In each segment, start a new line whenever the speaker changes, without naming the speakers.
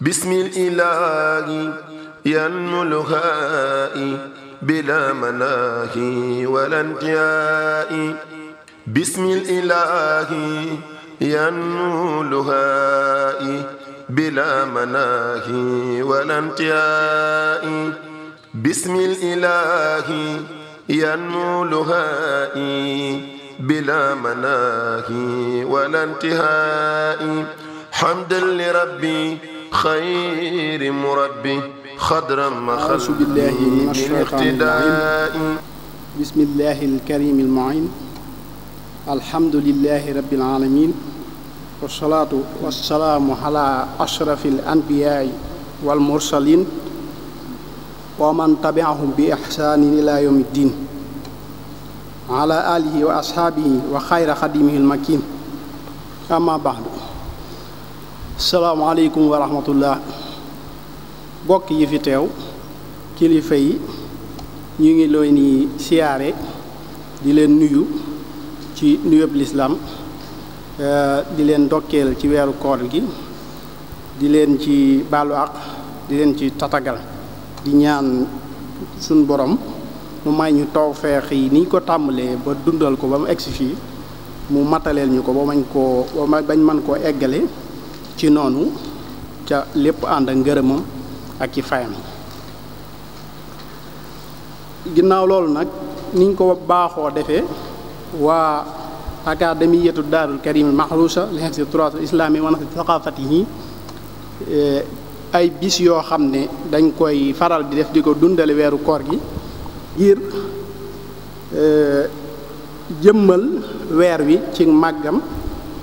بسم الإله ينمو الهاء بلا مناهي ولا انتهاء بسم الإله ينمو الهاء بلا مناهي ولا انتهاء بسم الإله ينمو الهاء بلا مناهي ولا انتهاء حمدا لربي xayri murabbi xadra ma xal min iqtidaai
bismillahi alkarimi almuin alhamdulilahi rabbil alamin wasalaatu wasalaamu ala ashrafi alanbiyaai walmursalin wa man tabiahum bi ixsaanin ila yawmi ddin ala alihi wa ashaabihi wa xayra xadimihi almakin amma baadu salaamaaleykum wa rahmatullah bokk yi fi teew kilifa yi ñu ngi leen di siyaare di leen nuyu ci nuyub lislaam eh, di leen ndokkeel ci weeru koor gi di leen ci baalu di leen ci tatagal di ñaan suñ borom mu may ñu tawfeex yi niñ ko tàmbalee ba dundal ko ba mu egsi fii mu mataleel ñu ko ba mañ koo ba bañ mën koo eggale ci noonu ca lépp ànd ak ngërëmam ak ci fayam ginnaaw loolu nag niñ ko baaxoo defe waa académiyatu daarul karim mahrusa li xefsi turaas islaami wa nafsi saqafati yi eh, ay bis yoo xam ne dañ koy faral di def di ko dundale weeru koor gi ngir eh, jëmmal weer wi ci màggam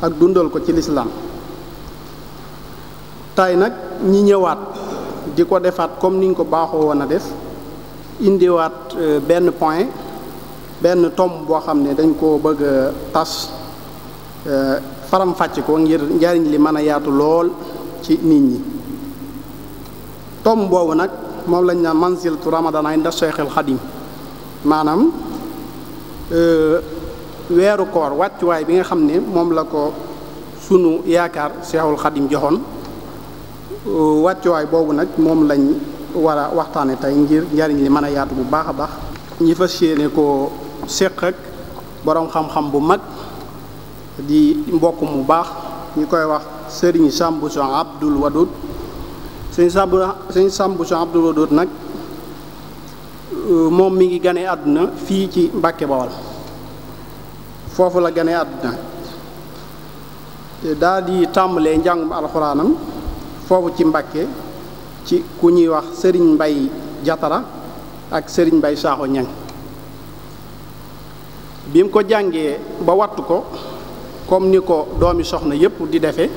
ak dundal ko ci lislaam tay nag ñi ñëwaat di ko defaat comme ni niñ ko baaxoo woon a def indiwaat euh, benn point benn tomb boo xam ne dañ ko bëgg a tas euh, faram fàcc ko ngir njariñ li mën a yaatu lool ci nit ñi tom boobu nag moom lañ naan mansiltu ramadana inda cheikh al xadim maanaam euh, weeru koor wàccuwaay bi nga xam ne moom la ko sunu yaakaar cheikhul xadim joxoon wàccuwaay boobu nag moom lañ war a waxtaane tey ngir njariñ li mën a yaatu bu baax a baax ñi fas yéene koo séq ak boroom xam-xam bu mag di mbokk mu baax ñu koy wax sëriñ Sambu Son Abdul Wadud sëñ Sambu sëñ Sambu Abdul Wadud nag euh, moom mi ngi gane àdduna fii ci Mbàkke Bawol foofu la gane àdduna daa di tàmbalee njàngum alxuraanam foofu ci Mbàkke ci ku ñuy wax sëriñ mbay jatara ak sëriñ mbay saaxo ñang bim ko jàngee ba wattu ko comme ni ko doomi soxna yépp di defe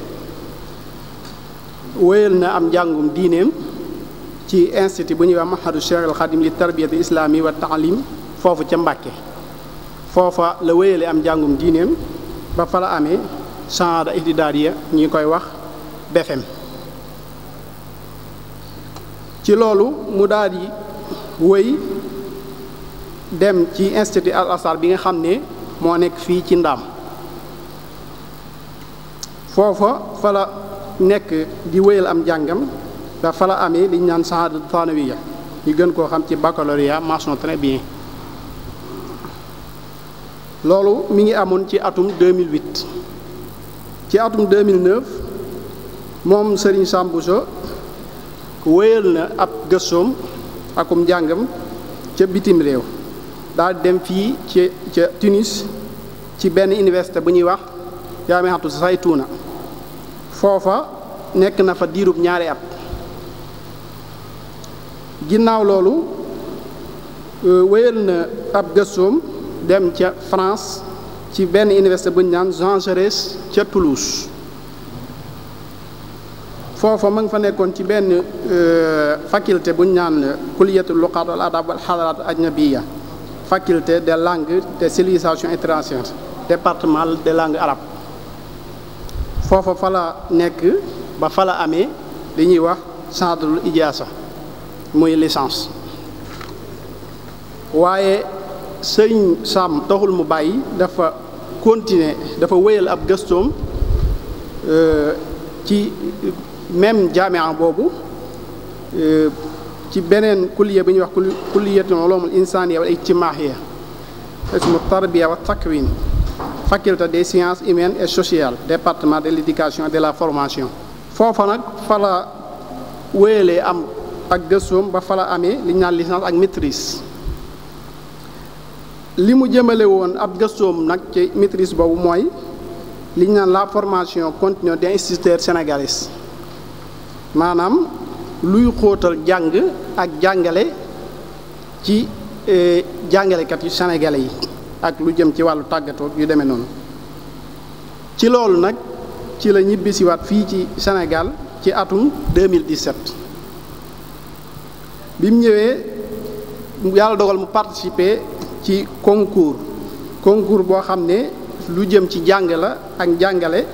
wéyal na am njàngum diineem ci institut bu ñuy wax mahadu cheikh al xadim li tarbiyati islami wa taalim foofu ca Mbàkke foofa la wéyale am njàngum diineem ba fa la amee chanre ihtidaariya ñi koy wax BFEM ci loolu mu daal di dem ci institut al asar bi nga xam ne moo nekk fii ci ndaam foofa fa la nekk di wéyal am njàngam da fa la amee liñ naan shahada thanawiya ñu gën koo xam ci baccalauréat mention très bien loolu mu ngi amoon ci atum 2008 ci atum 2009 moom Serigne Sam wéyal na ab gëstoom akum njàngam ca bitim réew daal dem fii ci ca Tunis ci benn université bu ñuy wax jaamiatu Saytuuna foofa nekk na fa diirub ñaari at ginnaaw loolu euh, wéyal na ab gëstoom dem ca France ci benn université bu ñu naan Jean Jaurès ca Toulouse foofa ma nga fa nekkoon ci benn euh, faculté bu ñu naan kulliyatul luqaat wal aj na xadaraat ajnabiya faculté des langues des civilisations étrangères département des langues arabes foofa fa nekk ba fala amee li ñuy wax cadrul ijaasa muy licence waaye sëñ Sam taxul mu bàyyi dafa continuer dafa wéyal ab gëstoom euh, ci même jaamia boobu euh, ci beneen kulliya bi ñuy wax kulliyatu ulumul insaniya wal ijtimaiya ismu tarbiya wa takwin faculté des sciences humaines et sociales département de l'éducation et de la formation foofa nag fala wéyalee am ak gëstoom ba fala amee li ñu naan licence ak maîtrise li mu jëmbale woon ab gëstoom nag ci maîtrise boobu mooy li ñu naan la formation continue de instituteurs sénégalais maanaam luy xóotal jàng ak jàngale ci e, jàngalekat yu sénégalais yi ak lu jëm ci wàllu tàggatoo yu demee noonu ci loolu nag ci la ñibbisiwaat fii ci Sénégal ci atum 2017 bi mu ñëwee yàlla dogal mu participer ci konkuur concours boo xam ne lu jëm ci jàng la ak jàngale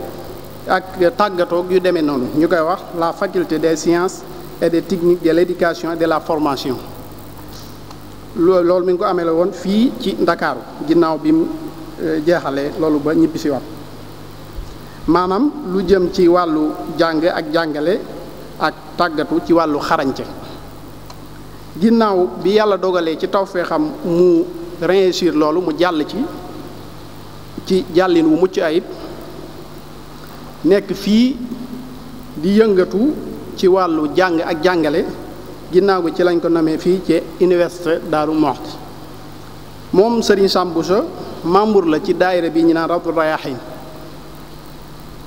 ak tàggatoog yu demee noonu ñu koy wax la faculté de sciences et des techniques de l'éducation et de la formation loolu mi ngi ko amee woon fii ci ndakaaru ginnaaw bi mu euh, jeexalee loolu ba ñibbi si waat maanaam lu jëm ci wàllu jàng ak jàngale ak tàggatu ci wàllu xarañte ginnaaw bi yàlla dogalee ci taw tawfeexam mu réussir loolu mu jàll ci ci jàllin wu mucc ayib nekk fii di yëngatu ci wàllu jàng ak jàngale ginnaaw gi ci lañ ko namee fii ci université daaru Mouhty moom Serigne Sam membre la ci daayira bi ñu naan Rawdu Rayaahiin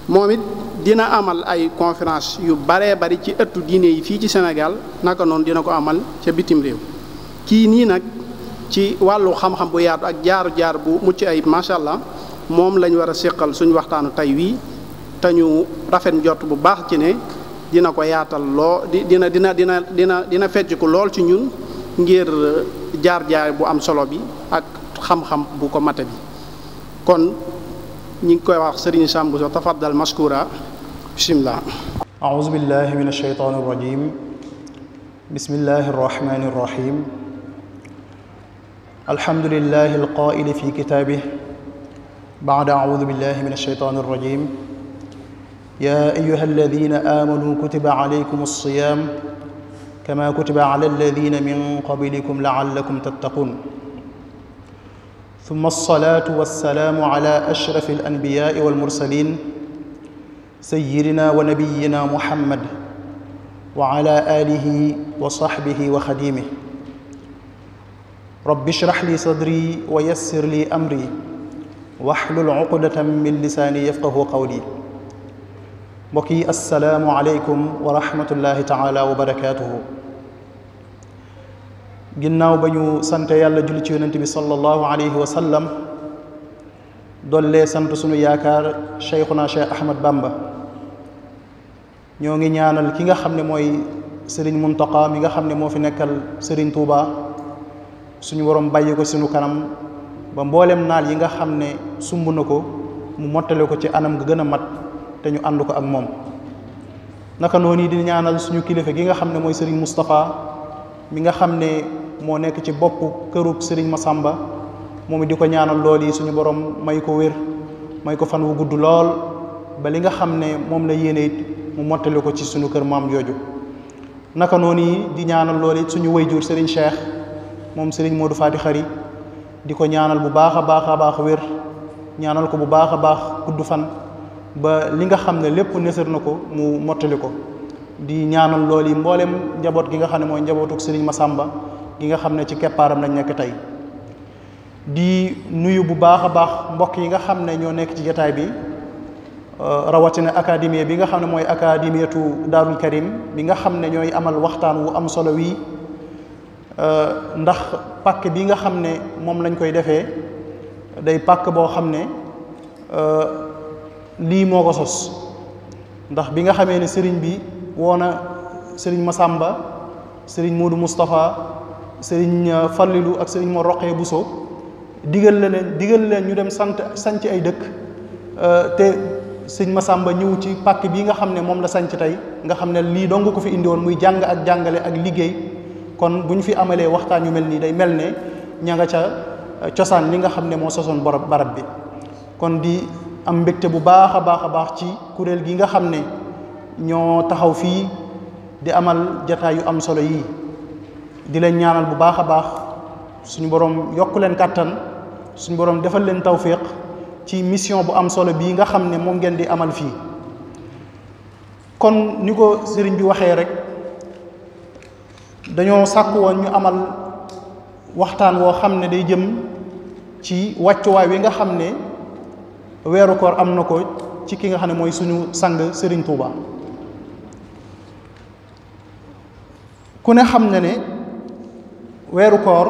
moom it dina amal ay conférence yu baree bari ci ëttu diine yi fii ci senegal naka noonu dina ko amal ca bitim réew kii nii nag ci wàllu xam-xam bu yaatu ak jaaru jaar bu mucc ay macha allah moom lañ war a séqal suñu waxtaanu tey wii te ñu rafet njort bu baax ci ne dina ko yaatal loo di dina dina dina dina dina fecciku lool ci ñun ngir jaar-jaar bu am solo bi ak xam-xam bu ko mate bi kon ñu ngi koy wax Serigne Sam Bousso tafaddal maskura bismillah
أعوذ بالله من الشيطان الرجيم بسم الله الرحمن الرحيم الحمد لله القائل في كتابه بعد أعوذ بالله من يا ايها الذين امنوا كتب عليكم الصيام كما كتب على الذين من قبلكم لعلكم تتقون ثم الصلاه والسلام على اشرف الانبياء والمرسلين سيدنا ونبينا محمد وعلى اله وصحبه وخديمه رب اشرح لي صدري ويسر لي امري واحلل عقده من لساني يفقه قولي mbokk yi asalaamu aleykum wa rahmatullahi taala wa barakaatuhu ginnaaw ba ñu sante yàlla julli ci yonent bi sallallahu alayhi wa sallam dollee sant suñu yaakaar cheikhuna cheikh ahmad bamba ñoo ngi ñaanal ki nga xam ne mooy sëriñ muntaqa mi nga xam ne moo fi nekkal sëriñ tuuba suñu waroom bàyyi ko suñu kanam ba mboolem naal yi nga xam ne sumb na ko mu mottale ko ci anam ga gën a mat te ñu ànd ko ak moom naka noonu di ñaanal suñu kilifa gi nga xam ne mooy sëriñ Moustapha mi nga xam ne moo nekk ci bopp këru sëriñ Masamba moom it di ko ñaanal lool yi suñu borom may ko wér may ko fan wu gudd lool ba li nga xam ne moom la yéene it mu mottali ko ci suñu kër maam jooju naka noonu di ñaanal lool it suñu jur sëriñ Cheikh moom sëriñ Modou Fati Xari di ko ñaanal bu baax a baax a baax wér ñaanal ko bu baax a baax gudd fan ba li nga xam ne lépp nësër na ko mu mottali ko di ñaanal loolu yi mboolem njaboot gi nga xam ne mooy njabootuk ma Massamba gi nga xam ne ci keppaaram lañ nekk tey di nuyu bu baax a baax mbokk yi nga xam ne ñoo nekk ci jataay bi euh, rawatina académie bi nga xam ne mooy académietu Daarul Karim bi nga xam ne ñooy amal waxtaan wu am solo wii euh, ndax pàkk bi nga xam ne moom lañ koy defee day pàkk boo xam ne euh, lii moo ko sos ndax bi nga xamee ne sëriñ bi woona sëriñ ma sàmba sëriñ Modou Moustapha sëriñ euh, Fallilu ak sëriñ Mor Roqee Bousso digal la leen digal leen ñu dem sant sanc ay dëkk euh, te sëriñ Masamba ñëw ci pàkk bi nga xam ne moom la sanc tey nga xam ne lii dong ko fi indi woon muy jàng ak jàngale ak liggéey kon bu ñu fi amalee waxtaan yu mel nii day mel ne ña nga ca euh, cosaan li nga xam ne moo sosoon borab barab bi kon di am mbégte bu baax a baax a baax ci kuréel gi nga xam ne ñoo taxaw fii di amal jataay yu am solo yii di leen ñaanal bu baax a baax suñu borom yokk leen kàttan suñu borom defal leen tawféex ci mission bu am solo bii nga xam ne moom ngeen di amal fii kon ni ko sëriñ bi waxee rek dañoo sàkk woon ñu amal waxtaan woo xam ne day jëm ci wàccuwaay wi nga xam ne weeru koor am na ko ci ki nga xam ne mooy suñu sang Serigne Touba ku ne xam na ne weeru koor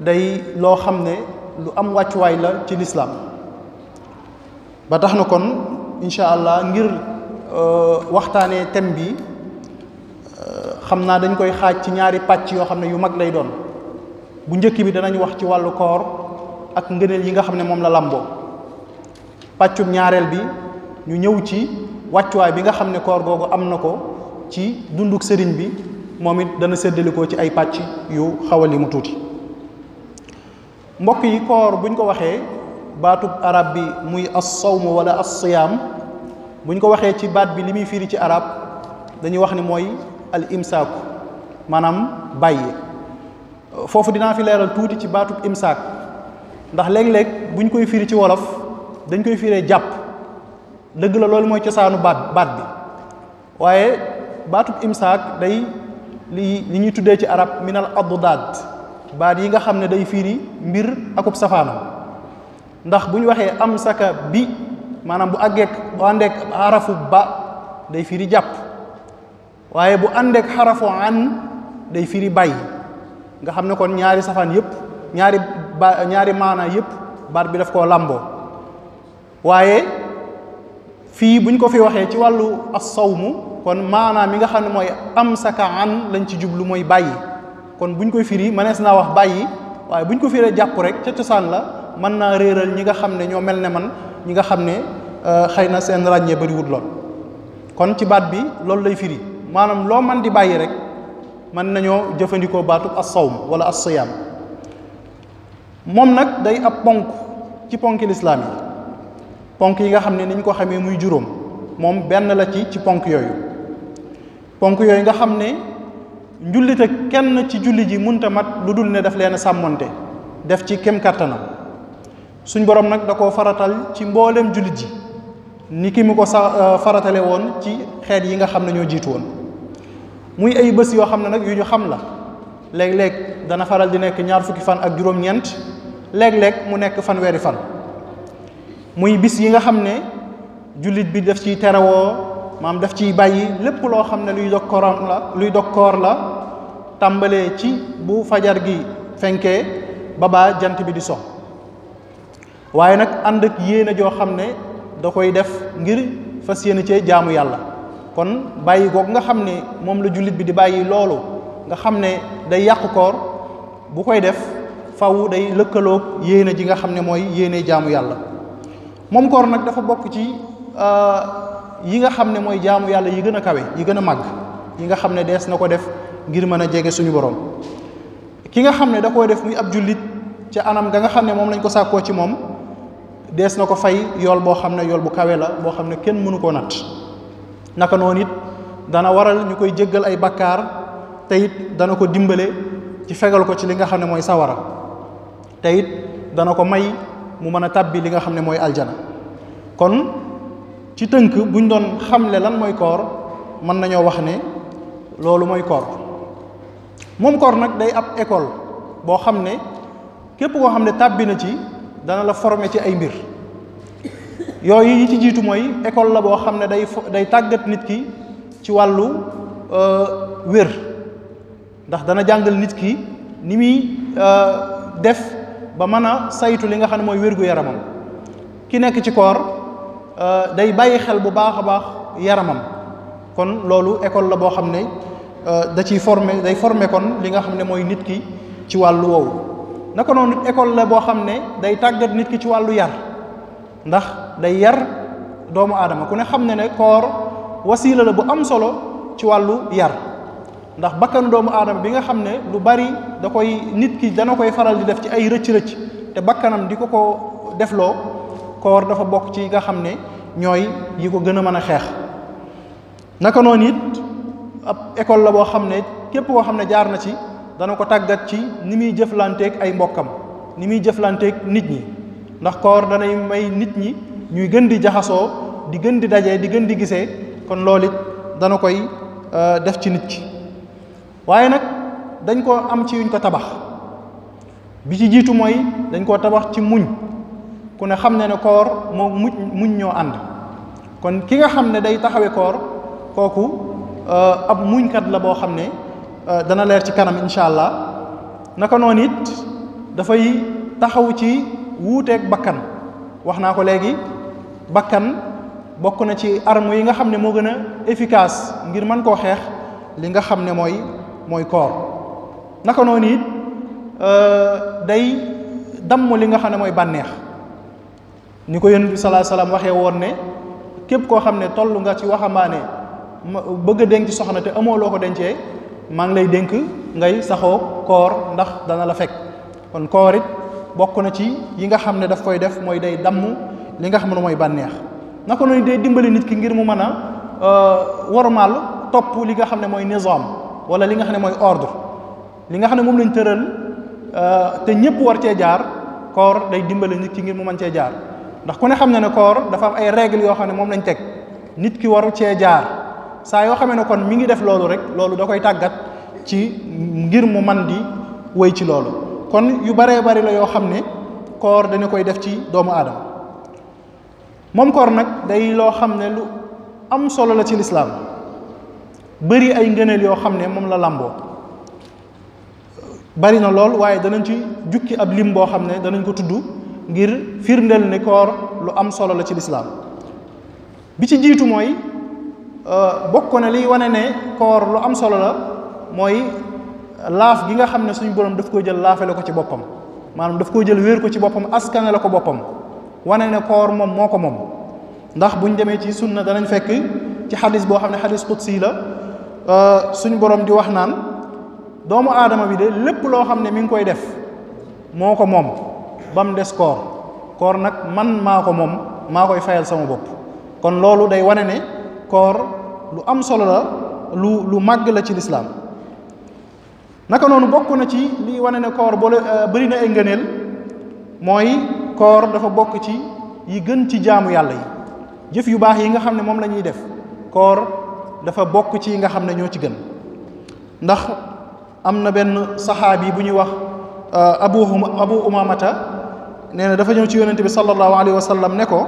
day loo xam ne lu am wàccuwaay la ci lislaam ba tax na kon incha allah ngir euh, waxtaanee thème bi euh, xam naa dañ koy xaaj ci ñaari pàcc yoo xam ne yu mag lay doon bu njëkk bi danañu wax ci wàllu koor ak ngëneel yi nga xam ne moom la làmboo pàccum ñaareel bi ñu ñëw ci wàccuwaay bi nga xam ne koor googu am na ko ci dunduk sëriñ bi moom it dana séddalikoo ci ay pàcc yu xawali mu tuuti mbokk yi koor buñ ko waxee baatub arab bi muy as-sawm wala as-siyaam buñ ko waxee ci baat bi li muy firi ci arab dañuy wax ni mooy al imsaaku maanaam bàyyi foofu dinaa fi leeral tuuti ci baatub imsaak ndax léeg-léeg buñ koy firi ci wolof dañ koy fiire jàpp dëgg la loolu mooy cosaanu baat baat bi waaye baatub imsaak day li li ñuy tuddee ci arab minal addaad baat yi nga xam ne day fiiri mbir akub safaanam ndax bu ñu waxee amsaka bi maanaam bu àggeek bu àndeek xarafu ba day firi jàpp waaye bu àndeek xarafu an day firi bay nga xam ne kon ñaari safaan yépp ñaari ba ñaari maana yépp baat bi daf koo làmboo waaye fii buñ ko fi waxee ci wàllu as-sawmu kon maanaam mi nga xam ne mooy amsaka an lañ ci jublu mooy bàyyi kon buñ koy firi mënees naa wax bàyyi waaye buñ ko firee jàpp rek ca cosaan la mën naa réeral ñi nga xam ne ñoo mel ne man ñi nga xam ne euh, xëy na seen ràññee bariwut lool kon ci baat bi loolu lay firi maanaam loo man di bàyyi rek mën nañoo jëfandikoo baatub as-sawm wala as moom nag day ab ponk ci ponki lislaam yi ponk yi nga xam ne ni ñu ko xamee muy juróom moom benn la ci ci ponk yooyu ponk yooyu nga xam ne njullite kenn ci julli ji munta mat lu dul ne daf leen sàmmoonte def ci kem kartanam suñ borom nag da koo faratal ci mbooleem jullit ji ni ki mu ko sa euh, faratale woon ci xeet yi nga xam ne ñoo jiitu woon muy ay bés yoo xam ne nag yu ñu xam la léeg-léeg dana faral di nekk ñaar fukki fan ak juróom-ñeent léeg-léeg mu nekk fanweeri fan muy bis yi nga xam ne jullit bi def ciy terewoo maam def ciy bàyyi lépp loo xam ne luy dog koor la luy dog la tàmbalee ci bu fajar gi fenkee babaa jant bi di so waaye nag ànd ak yéene joo xam ne da koy def ngir fas yéene cee jaamu yàlla kon bàyyi googu nga xam ne moom la jullit bi di bàyyi loolu nga xam ne day yàq koor bu koy def faw day lëkkaloog yéene ji nga xam ne mooy yéene jaamu yàlla moom koor nag dafa bokk ci euh, yi nga xam ne mooy jaamu yàlla yi gën a kawe yi gën a màgg yi nga xam ne dees na ko def ngir mën a jege suñu borom ki nga xam ne da ko def muy ab jullit ca anam ga nga xam ne moom lañ ko sàkkoo ci moom dees na ko fay yool boo xam ne yool bu kawe la boo xam ne kenn mënu koo natt naka noonu it dana waral ñu koy jéggal ay bakkaar te it dana ko dimbale ci fegal ko ci li nga xam ne mooy sawara te it dana ko may mu mën a tàbbi li nga xam ne mooy aljana kon ci tënk buñ doon xamle lan mooy koor mën nañoo wax ne loolu mooy koor moom koor nag day ab école boo xam ne képp koo xam ne tàbbi na ci dana la forme ci ay mbir yooyu yi ci jiitu mooy école la boo xam ne day day tàggat nit ki ci wàllu euh, wér ndax dana jàngal nit ki ni muy euh, def ba mën a saytu li nga xam ne mooy wérgu yaramam ki nekk ci koor euh, day bàyyi xel bu baax a baax yaramam kon loolu école la boo xam ne euh, da ciy former day former kon li nga xam ne mooy nit ki ci wàllu woowu naka noonu école la boo xam ne day tàggat nit ci wàllu yar ndax day yar doomu aadama ku ne xam ne ne koor wasiila bu am solo ci wàllu yar ndax bakkanu doomu aadama bi nga xam ne lu bari da koy nit ki dana koy faral di def ci ay rëcc-rëcc te bakkanam di ko ko defloo koor dafa bokk ci nga xam ne ñooy yi ko gën a mën a xeex naka noonu it ab école la boo xam ne képp koo xam ne jaar na ci dana ko tàggat ci ni muy jëflanteeg ay mbokkam ni muy jëflanteeg nit ñi ndax koor danay may nit ñi ñuy gën di jaxasoo di gën di daje di gën di gisee kon loolu it dana koy euh, def ci nit ki waaye nag dañ koo am ci yuñ ko tabax bi ci jiitu mooy dañ koo tabax ci muñ ku ne xam ne ne koor moo muñ muñ ñoo ànd kon ki nga xam ne day taxawe koor kooku euh, ab muñkat la boo xam ne euh, dana leer ci kanam incha allah naka noonu it dafay taxaw ci wuuteek bakkan wax naa ko léegi bakkan bokk na ci armo yi nga xam ne moo gën a efficace ngir mën koo xeex li nga xam ne mooy mooy koor naka noonu it euh, day damm li nga xam ne mooy bànneex ni ko yonent bi salaa salaam waxee woon ne képp koo xam ne toll nga ci waxambaane bëgg a denc soxna te amoo loo ko dencee maa ngi lay dénk ngay saxoo koor ndax dana la fekk kon koor it bokk na ci yi nga xam ne daf koy def mooy day damm li nga xam ne mooy bànneex naka noonu day dimbali nit ki ngir mu mën a euh, wormaal topp li nga xam ne mooy nizaam wala li nga xam ne mooy ordre li xam ne moom lañ tëral euh, te ñëpp war cee jaar koor day dimbale nit ki ngir mu mën cee jaar ndax ku ne xam na ne koor dafa am ay règles yoo xam ne moom lañ teg nit ki waru cee jaar saa yoo xamee ne kon mi ngi def loolu rek loolu da koy tàggat ci ngir mu man di wéy ci loolu kon yu baree bari la yoo xam ne koor dañu koy def ci doomu aadama moom koor nag day loo xam ne lu am solo la ci lislaam bëri ay ngëneel yoo xam ne moom la làmboo bari na lool waaye danañ ci jukki ab lim boo xam ne danañ ko tudd ngir firndeel ni koor lu am solo la ci lislaam bi ci jiitu mooy euh, bokk na liy wane ne koor lu am solo la mooy laaf gi nga xam ne suñ borom daf koo jël laafale ko ci boppam maanaam daf koo jël wér ko ci boppam askane la ko boppam wane ne koor moom moo ko moom ndax buñ demee ci sunna danañ fekk ci xadis boo xam ne xadis qudsi la Euh, suñ borom di wax naan doomu aadama bi de lépp loo xam ne mi ngi koy def moo ko moom ba mu des koor koor nag man maa ko moom maa koy fayal sama bopp kon loolu day wane ne koor lu am solo la lu lu màgg la ci lislaam naka noonu bokk na ci li wane ne koor boole euh, bari na ay ngëneel mooy koor dafa bokk ci yi gën ci jaamu yàlla yi jëf yu baax yi nga xam ne moom lañuy ñuy def koor dafa bokk ci yi nga xam ne ñoo ci gën ndax am na benn saxaabi bu ñuy wax euh, abu abu umamata nee na dafa ñëw ci yonent bi sallallahu alayhi wa sallam ne ko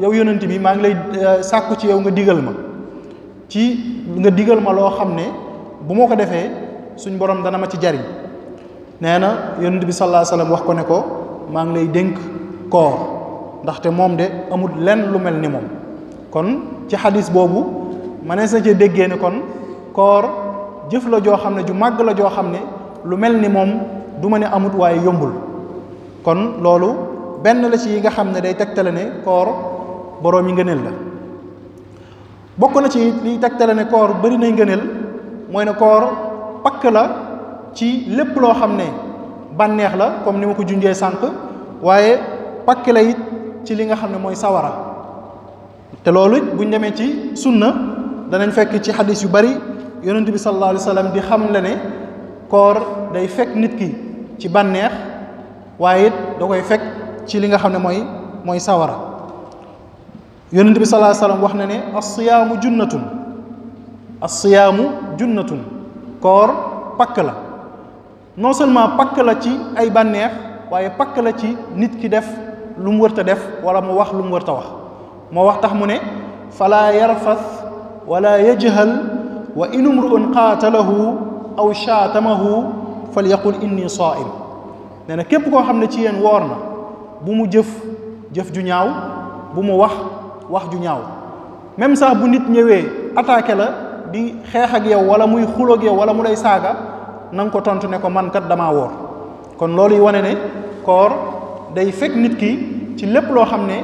yow yonent bi maa ngi lay euh, sàkku ci yow nga digal ma ci nga digal ma loo xam ne bu ma ko defee suñ borom dana ma ci jariñ nee na yonent bi sallallahu alayhi wax ko ne ko maa ngi lay dénk koor ndaxte moom de amul lenn lu mel ni moom kon ci xadis boobu mënees na cee déggee ni kon koor jëf la joo xam ne ju màgg la joo xam ne lu mel ni moom du ma ne amut waaye yombul kon loolu benn la ci yi nga xam ne day tegtale ne koor boroom yi ngëneel la bokk na ci liy tegtale ne koor bari nay ngëneel mooy ne koor pakk la ci lépp loo xam ne bànneex la comme ni ma ko junjee sànq waaye pakk la it ci li nga xam ne mooy sawara te loolu it buñ ci sunna danañ fekk ci xadis yu bari yonent bi sallallahu alayhi wa sallam di xam la ne koor day fekk nit ki ci bànneex waaye it da koy fekk ci li nga xam ne mooy mooy sawara yonent bi sallallahu alayhi wax na ne as-siyaamu junnatun as-siyaamu junnatun koor pakk la non seulement pakk la ci ay bànneex waaye pakk la ci nit ki def lu mu wërta def wala mu wax lu mu wërta wax moo wax tax mu ne fala yarfas ولا يجهل وإن امرؤ قاتله أو شاتمه فليقل إني صائم nee na képp koo xam ne ci yéen woor na bu mu jëf jëf ju ñaaw bu mu wax wax ju ñaaw même sax bu nit ñëwee attaqué la di xeex ak yow wala muy xuloo ak yow wala mu lay saaga na ko tontu ne ko mankat dama woor kon loolu yi wane ne koor day fekk nit ki ci lépp loo xam ne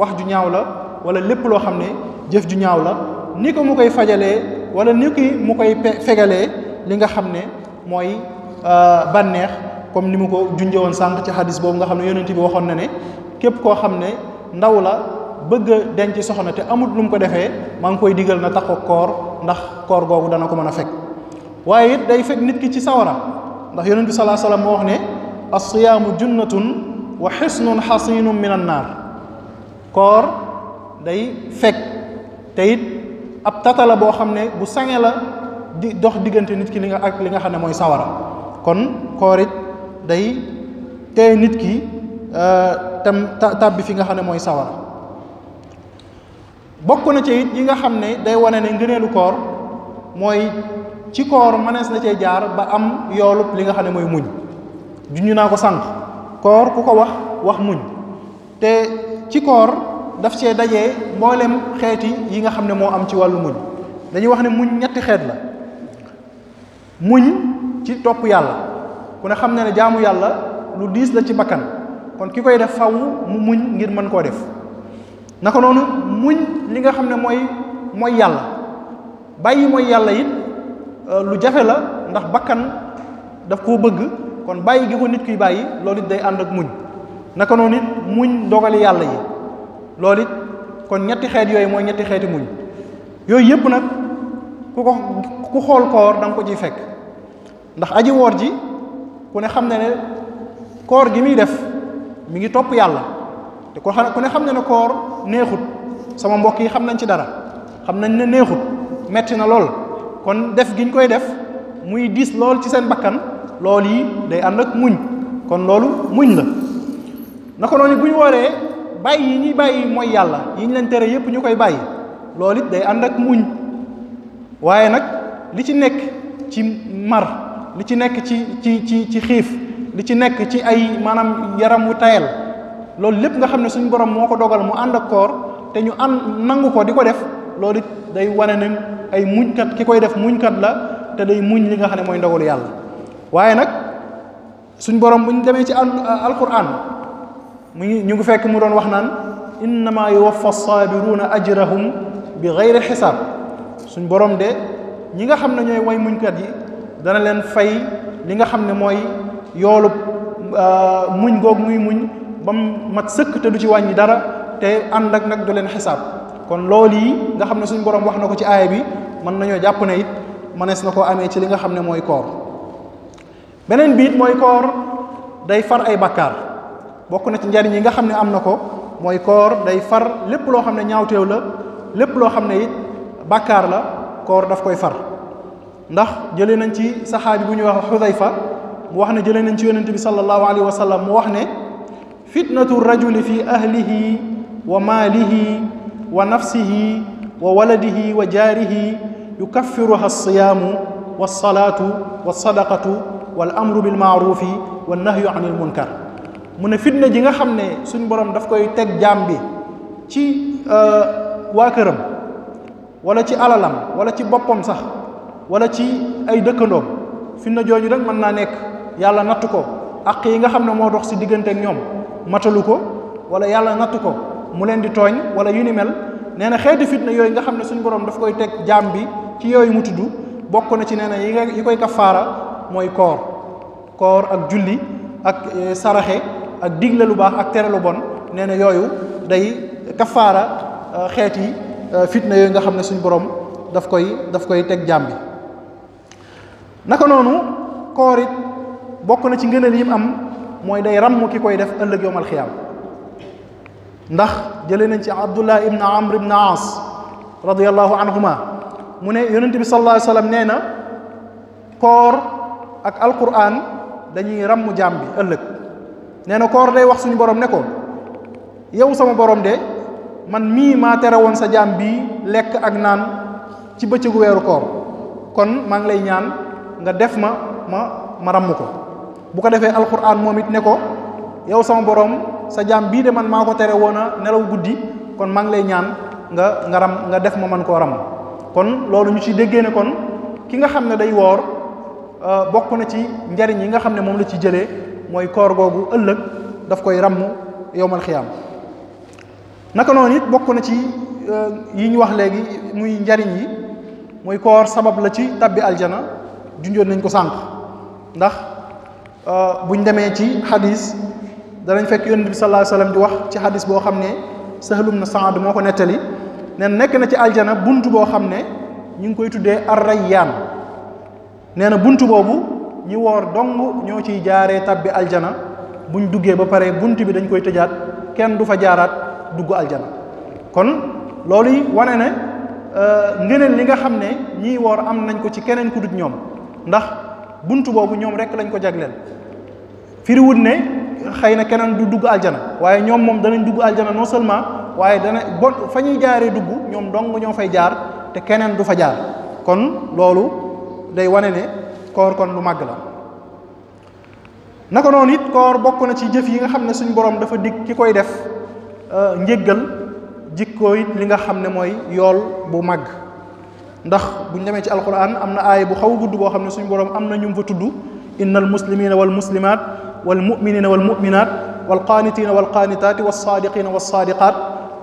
wax ju ñaaw la wala lépp loo xam ne jëf ju ñaaw la ni ko mu koy fajalee wala ni ki mu koy fegale li nga xam ne mooy euh, bànneex comme ni mu ko junjee woon sànq ci xadis boobu nga xam ne yonent bi waxoon na ne képp koo xam ne ndaw la bëgg a denc soxna te amut lu mu ko defee maa ngi koy digal na taxaw koor ndax koor googu dana ko mën a fekk waaye it day fekk nit ki ci sawara ndax yonent bi salaa salaam moo wax ne as-siyaamu junnatun wa xisnun xasinun min an naar koor day fekk te ab tata boo xam ne bu sange la di dox diggante nit ki li nga ak li nga xam ne mooy sawara kon koor it day tey nit ki euh, tam tàbbi fi nga xam ne mooy sawara bokk na ci it yi nga xam ne day wane ne ngëneelu koor mooy ci koor mënees na cee jaar ba am yoolub li nga xam ne mooy muñ juñu naa ko sànq koor ku ko wax wax muñ te ci koor daf cee dajee mboolem xeeti yi nga xam ne moo am ci wàllu muñ dañuy wax ne muñ ñetti xeet la muñ ci topp yàlla ku ne xam ne ne jaamu yàlla lu diis la ci bakkan kon ki koy def faw mu muñ ngir mën koo def naka noonu muñ li nga xam ne mooy mooy yàlla bàyyi mooy yàlla yit euh, lu jafe la ndax bakkan daf koo bëgg kon bàyyi gi ko nit kuy bàyyi loolu it day ànd ak muñ naka noonu muñ dogali yàlla yi loolu it kon ñetti xeet yooyu mooy ñetti xeeti muñ yooyu yëpp nag ku ko ku xool koor danga nga ko ciy fekk ndax aji woor ji ku ne xam ne ne koor gi muy def mu ngi topp yàlla te ko xam ku ne xam ne ne koor neexut sama mbokk yi xam nañ ci dara xam nañ ne neexut metti na lool kon def giñ koy def muy diis lool ci seen bakkan lool yi day ànd ak muñ kon loolu muñ la naka noonu bu ñu wooree bàyyi yi ñuy bàyyi mooy yàlla yi ñu leen tere yépp ñu koy bàyyi loolu it day ànd ak muñ waaye nag li ci nekk ci mar li ci nekk ci ci ci ci xiif li ci nekk ci ay maanaam yaram wu tayal loolu lépp nga xam ne suñ borom moo ko dogal mu ànd ak koor te ñu ànd nangu ko di ko def loolu day wane ne ay muñkat ki koy def muñkat la te day muñ li nga xam ne mooy ndogalu yàlla waaye nag suñ borom bu ñu demee ci alquran mu ngi ñu ngi fekk mu doon wax naan innama yuwaffa saabiruna ajrahum bi gayri xisaab suñ borom de ñi nga xam ne ñooy woy muñkat yi dana leen fay li nga xam ne mooy yoolu ah, muñ goog muy muñ ba mat sëkk te du ci wàññi dara te ànd ak nag du leen xisaab kon loolu yi nga xam ne suñ borom wax na ko ci aaya bi mën nañoo jàpp na it mënees na koo amee ci li nga xam ne mooy koor beneen biit mooy koor day far ay bakkaar bokk na ci njariñ yi nga xam ne am na ko mooy koor day far lépp loo xam ne ñaawteew la lépp loo xam ne it bàkkaar la koor daf koy far ndax jëlee nañ ci saxaabi bu ñuy wax xudayfa mu wax ne jëlee nañ ci yonent bi sallallahu alayhi wa sallam mu wax ne fitnatu rajuli fi ahlihi wa maalihi wa nafsihi wa waladihi wa jaarihi yukaffiruha alsiyaamu walsalaatu walsadaqatu walamru bilmaarufi wannahyu an ilmunkar mu ne fitna ji nga xam ne suñ borom daf koy teg jaam bi ci euh, waa këram wala ci alalam wala ci boppam sax wala ci ay dëkkandoom fitna jooju rek mën naa nekk yàlla natt ko àq yi nga xam ne moo dox si diggante ak ñoom matalu ko wala yàlla natt ko mu leen di tooñ wala yu ni mel nee na xeeti fitna yooyu nga xam ne suñ borom daf koy teg jaam bi ci yooyu mu tudd bokk na ci nee na yi nga yi koy kafaara mooy koor koor ak julli ak euh, saraxe ak digle lu baax ak tere lu bon nee na yooyu day kafaara euh, xeet yi euh, fitna yooyu nga xam ne suñu boroom daf koy daf koy teg jaam bi naka noonu koor it bokk na ci ngëneel yi am mooy day ràmm ki koy def ëllëg yowmal xiyaam ndax jëlee nañ ci abdullah ibn amr ibn aas radiallahu anhuma mu ne yonent bi sallallahu alayhi nee na koor ak alquran dañuy ràmm jaam bi ëllëg nee na koor day wax suñu borom ne ko yow sama borom de man mii maa tere woon sa jaam bii lekk ak naan ci bëccëgu weeru koor kon maa ngi lay ñaan nga def ma ma ma ko bu ko defee alxuraan moom it ne ko yow sama borom sa jaam bii de man maa ko tere woon a nelaw guddi kon maa ngi lay ñaan nga nga nga def ma man koo ram kon loolu ñu ci déggee ne kon ki nga xam ne day woor euh, bokk na ci njariñ yi nga xam ne moom la ci jëlee mooy koor googu ëllëg daf koy ràmm yowmal xiyaam naka noonu it bokk na ci euh, yi ñu wax léegi muy njariñ yi mooy koor sabab la ci tabbi aljana junjoon nañ ko sànq ndax euh, buñ demee ci xadiis danañ fekk yonent bi sallallahu alayhi di wax ci xadis boo xam ne sahlum na saad moo ko nettali ne nekk na ci aljana bunt boo xam ne ñu ngi koy tuddee ar rayyaan nee na bunt boobu ñi woor dong ñoo ciy jaaree tabbi aljana buñ duggee ba pare bunt bi dañ koy tëjaat kenn du fa jaaraat dugg aljana kon loolu yi wane ne euh, ngëneel li nga xam ne ñiy woor am nañ ko ci keneen ku ñoom ndax bunt boobu ñoom rek lañ ko jagleel firiwut ne xëy na keneen du dugg aljana waaye ñoom moom danañ dugg aljana seulement waaye dana bon fa ñuy jaaree dugg ñoom dong ñoo fay jaar te keneen du fa jaar kon loolu day wane ne koor kon lu màgg la naka noonu it koor bokk na ci jëf yi nga xam ne suñu boroom dafa dig ki koy def euh, njëggal jikkoo it li nga xam ne mooy yool bu màgg ndax buñ demee ci alquran am na aaya bu xaw a gudd boo xam ne suñu borom am na ñu fa tudd innal muslimina wal muslimat wal muminina wal muminat wal qaanitina wal qaanitaati wal saadiqina wal saadiqaat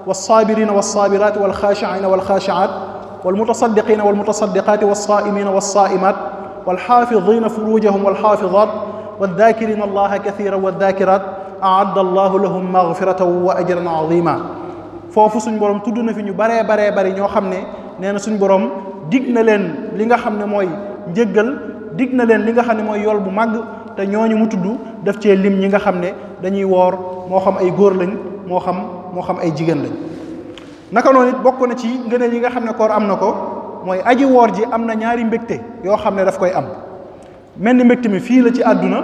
wal saabirina wal saabiraat wal xaashiina wal xaashiaat wal mutasaddiqina wal mutasaddiqaati wal saaimina wal saaimaat والحافظين فروجهم والحافظات والذاكرين الله كثيرا والذاكرات أعد الله لهم مغفرة وأجرا عظيما foofu suñu borom tudd na fi ñu baree baree bari ñoo xam ne nee na suñu borom dig na leen li nga xam ne mooy njëggal dig na leen li nga xam ne mooy yool bu màgg te ñoo ñu mu tudd def cee lim ñi nga xam ne dañuy woor moo xam ay góor lañ moo xam moo xam ay jigéen lañ naka noonu bokk na ci ngëneel yi nga xam ne koor am na ko mooy aji woor ji am na ñaari mbégte yoo xam ne daf koy am mel ni mbégte mi fii la ci àdduna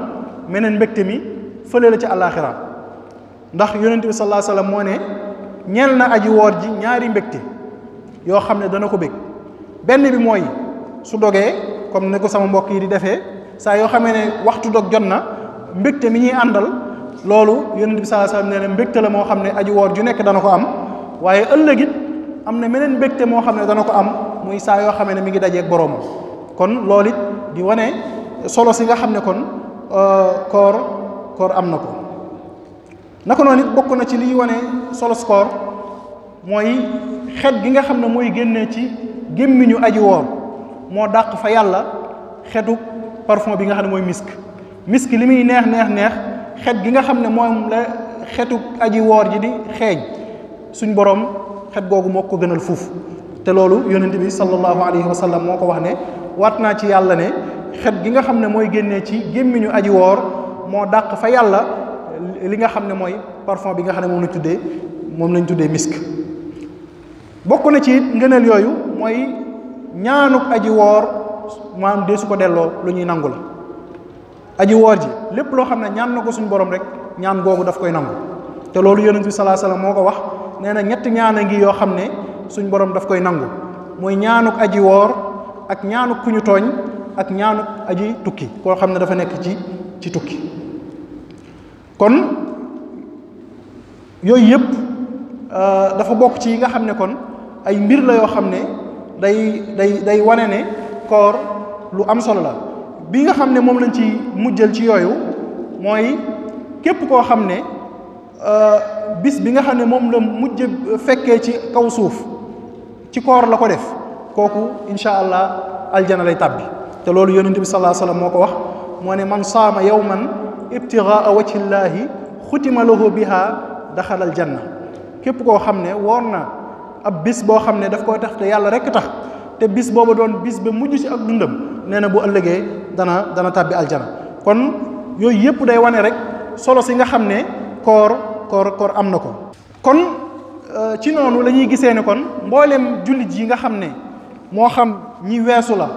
meneen mbégte mi fële la ci àllaaxira ndax yonent bi sallallahu alayhi wasallam na aji woor ji ñaari mbégte yoo xam ne dana ko bég benn bi mooy su dogee comme ni ko sama mbokk yi di defee saa yoo xamee ne waxtu dog jot na mbëgte mi ñuy àndal loolu yonent bi sallallahu alayhi wasallam nee na la moo xam ne aji woor ju nekk dana ko am waaye ëllëg am na meneen mbégte moo xam ne dana ko am muy saa yoo xamee ne mi ngi dajeeg boroomam kon loolu it di wane solo si nga xam ne kon euh, koor koor am na ko naka noonu it bokk na ci liy wane solo koor mooy xet gi nga xam ne mooy génnee ci gémmiñu aji woor moo dàq fa yàlla xetu parfum bi nga xam ne mooy misk misk li muy neex neex neex xet gi nga xam ne moom la xetu aji woor ji di xeeñ suñ borom xet googu moo ko gënal fuuf te loolu yonent bi sallallahu alayhi wa sallam moo ko wax ne waat naa ci yàlla ne xet gi nga xam ne mooy génnee ci gémmiñu aji woor moo dàq fa yàlla li nga xam ne mooy parfum bi nga xam ne moom lañ tuddee moom lañ tuddee misk bokk na ci ngëneel yooyu mooy ñaanuk aji woor maanaam dee su ko delloo lu ñuy nangu la aji woor ji lépp loo xam ne ñaan na ko suñu borom rek ñaan googu daf koy nangu te loolu yonent bi salaa moo ko wax nee na ñetti ñaan a ngi yoo xam ne suñ borom daf koy nangu mooy ñaanu aji woor ak ñaanu kuñu tooñ ak ñaanuk aji tukki koo xam ne dafa nekk ci ci tukki kon yooyu yëpp euh, dafa bokk ci yi nga xam ne kon ay mbir la yoo xam ne day day day wane ne koor lu am solo la bi nga xam ne moom lañ ci mujjal ci yooyu mooy képp koo xam ne euh, bis bi nga xam ne moom la mujj fekkee ci kaw suuf ci koor la ko def kooku insha allah aljana lay tàbbi te loolu yonente bi sallallahu alayhi moo ko wax moo ne man saama yawman ibtigaa wajhillaahi xutima lahu biha daxalal janna képp koo xam ne woor na ab bis boo xam ne daf koy tax te yàlla rekk tax te bis boobu doon bis ba mujj ci ak dundam nee na bu ëllëgee dana dana tàbbi aljana kon yooyu yëpp day wane rek solo si nga xam ne koor koor koor am na ko Euh, ci noonu la ñuy gisee ne kon mbooleem jullit yi nga xam ne moo xam ñi weesu la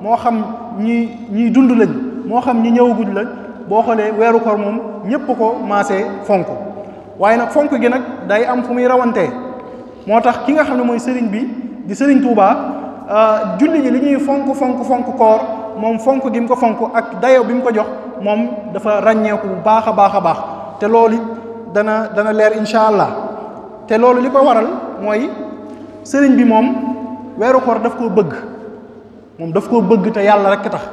moo xam ñi ñiy dund lañ moo xam ñi ñëwaguñ la boo xoolee weeru koor moom ñépp ko maasee fonk waaye nag fonk gi nag day am fu muy rawantee moo tax ki nga xam ne mooy sëriñ bi di sëriñ Touba euh, julli yi li ñuy fonk fonk fonk koor moom fonk gi mu ko fonk ak dayo bi mu ko jox moom dafa ràññeeku bu baax a baax a baax te loolu dana dana leer incha allah te loolu li ko waral mooy sëriñ bi moom weeru koor daf koo bëgg moom daf koo bëgg te yàlla rek tax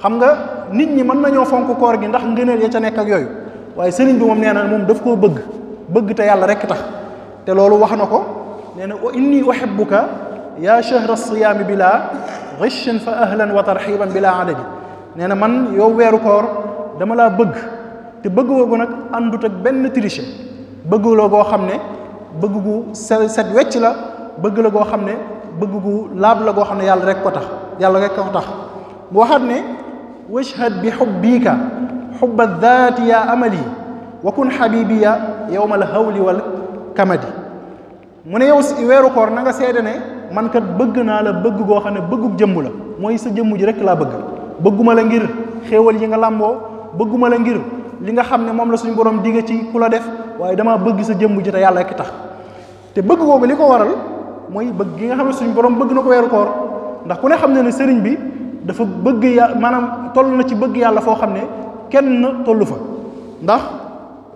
xam nga nit ñi mën nañoo fonk koor gi ndax ngëneel ya ca nekk ak yooyu waaye sëriñ bi moom nee na moom daf koo bëgg bëgg te yàlla rek tax te loolu wax na ko nee na inni uhibbuka yaa shahra siyaami bila ghishin fa ahlan wa tarxiban bila adadi nee na man yow weeru koor dama laa bëgg te bëgg woo ko nag àndut ak benn triche bëggloo goo xam ne bëgg gu set set wecc la bëgg la goo xam ne bëgg gu laab la goo xam ne yàlla rek ko tax yàlla rek ko tax mu waxaat ne washhad bi xubbiika xubba daati ya amali wa kun xabibiya yowma al hawli wal kamadi mu ne yow weeru koor nanga nga ne man bëgg naa la bëgg goo xam ne bëggug jëmm la mooy sa jëmm ji rek laa bëgg bëgguma la ngir xéewal yi nga làmboo bëgguma la ngir li nga xam ne moom la suñu borom digg ci ku la def waaye damaa bëgg sa jëmm ji te yàlla ak tax te bëgg googu li ko waral mooy bëgg gi nga xam ne suñu borom bëgg na ko weeru koor ndax ku ne xam ne ne sëriñ bi dafa bëgg yàlla maanaam toll na ci bëgg yàlla foo xam ne kenn tollu fa ndax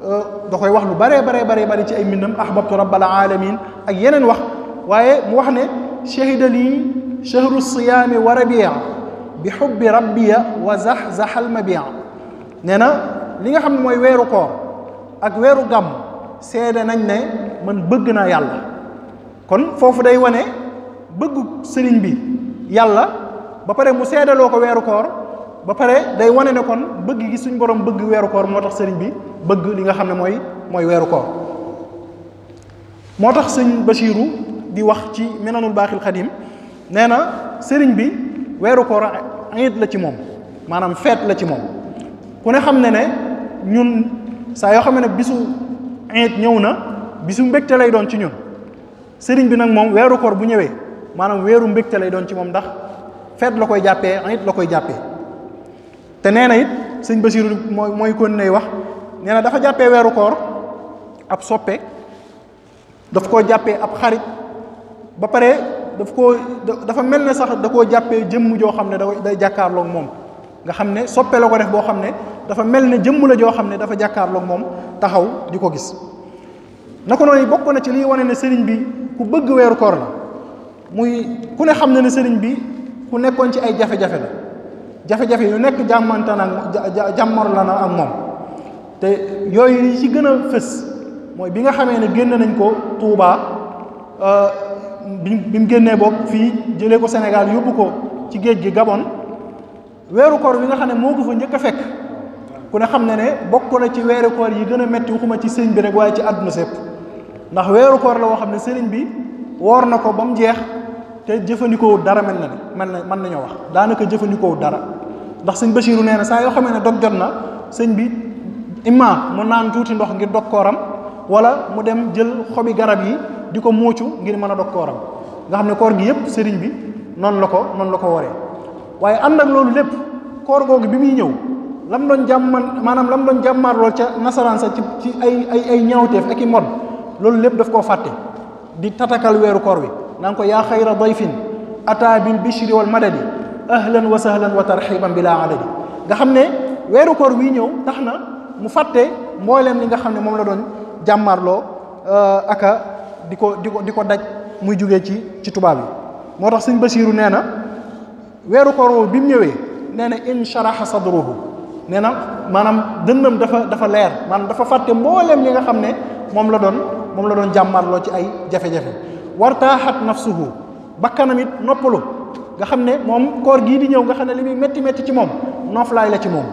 euh, da koy wax lu baree baree baree bari ci ay mbindam ahbabtu al alamin ak yeneen wax waaye mu wax ne shahida lii shahru siyaami wa rabia bi xubbi rabbiya wa zax zaxal mabia nee na li nga xam ne mooy weeru koor ak weeru gàmm seede nañ ne man bëgg naa yàlla kon foofu day wane bëggu sëriñ bi yàlla ba pare mu seedaloo ko weeru koor ba pare day wane ne kon bëgg gi suñ borom bëgg weeru koor moo tax sëriñ bi bëgg li nga xam ne mooy mooy weeru koor moo tax sëñ Bachiru di wax ci menanul baaxil xadim nee na sëriñ bi weeru koor ayit la ci moom maanaam feet la ci moom ku ne xam ne ne ñun saa yoo xam ne bisu iit ñëw na bisu mbégte lay doon ci ñun sëriñ bi nag moom weeru koor bu ñëwee maanaam weeru mbégte lay doon ci moom ndax feet la koy jàppee iit la koy jàppee te nee na it sëñ Basiru mooy mooy kon nay wax nee na dafa jàppee weeru koor ab soppe daf koo jàppee ab xarit ba pare daf koo dafa mel ne sax da koo jàppee jëmm joo xam ne da day jàkkaarlook moom nga xam ne soppe la ko def boo xam ne dafa mel ne jëmm la joo xam ne dafa jàkkaarloog moom taxaw di ko gis naka noonu bokk na ci liy wane ne sëriñ bi ku bëgg weeru koor la muy ku ne xam na ne sëriñ bi ku nekkoon ci ay jafe-jafe la jafe-jafe yu nekk jàmmante na jàmmar la na ak moom te yooyu yi ci gën a fës mooy bi nga xamee ne génn nañ ko Touba bi euh, bi mu génnee boog fii jëlee ko Sénégal yóbbu ko ci géej gi Gabon weeru koor bi nga xam ne moo ko fa njëkk a fekk ku ne xam ne ne bokk na ci weeru koor yi gën a metti waxuma ci sëriñ bi rek waaye ci àdduna sépp ndax weeru koor la woo xam ne sëriñ bi woor na ko ba mu jeex te jëfandikoo dara mel na ne mel na mën nañoo wax daanaka jëfandikoo dara ndax sëñ Basiiru nee na saa yoo xam ne dog jot na sëñ bi imma mu naan tuuti ndox ngir dog kooram wala mu dem jël xobi garab yi di ko muucu ngir mën a dog kooram nga xam ne koor gi yépp sëriñ bi noonu la ko noonu la ko waree waaye ànd ak lépp koor bi muy ñëw lam doon jàmman maanaam lam doon jàmmaar lool ca nasaraan sa ci ci ay ay ay ñaawteef ak i loolu lépp daf koo fàtte di tatakal weeru koor wi naan ko yaa xayra dayfin ata bil bishri wal madadi ahlan wa sahlan wa tarxiban bila adadi nga xam ne weeru koor wii ñëw tax na mu fàtte mbooleem li nga xam ne moom la doon jàmmaarloo euh, aka di ko di ko di ko daj muy jógee ci ci tubaab yi moo tax suñ Basiiru nee na weeru koor woowu bi mu ñëwee nee na in sharaxa sadruhu nee na maanaam dënnam dafa dafa leer maanaam dafa fàtte mbooleem li nga xam ne moom la doon moom la doon jàmmarloo ci ay jafe-jafe wartaaxat nafsuhu bakkanam it noppalu nga xam ne moom koor gii di ñëw nga xam ne li muy metti metti ci moom nooflaay la ci moom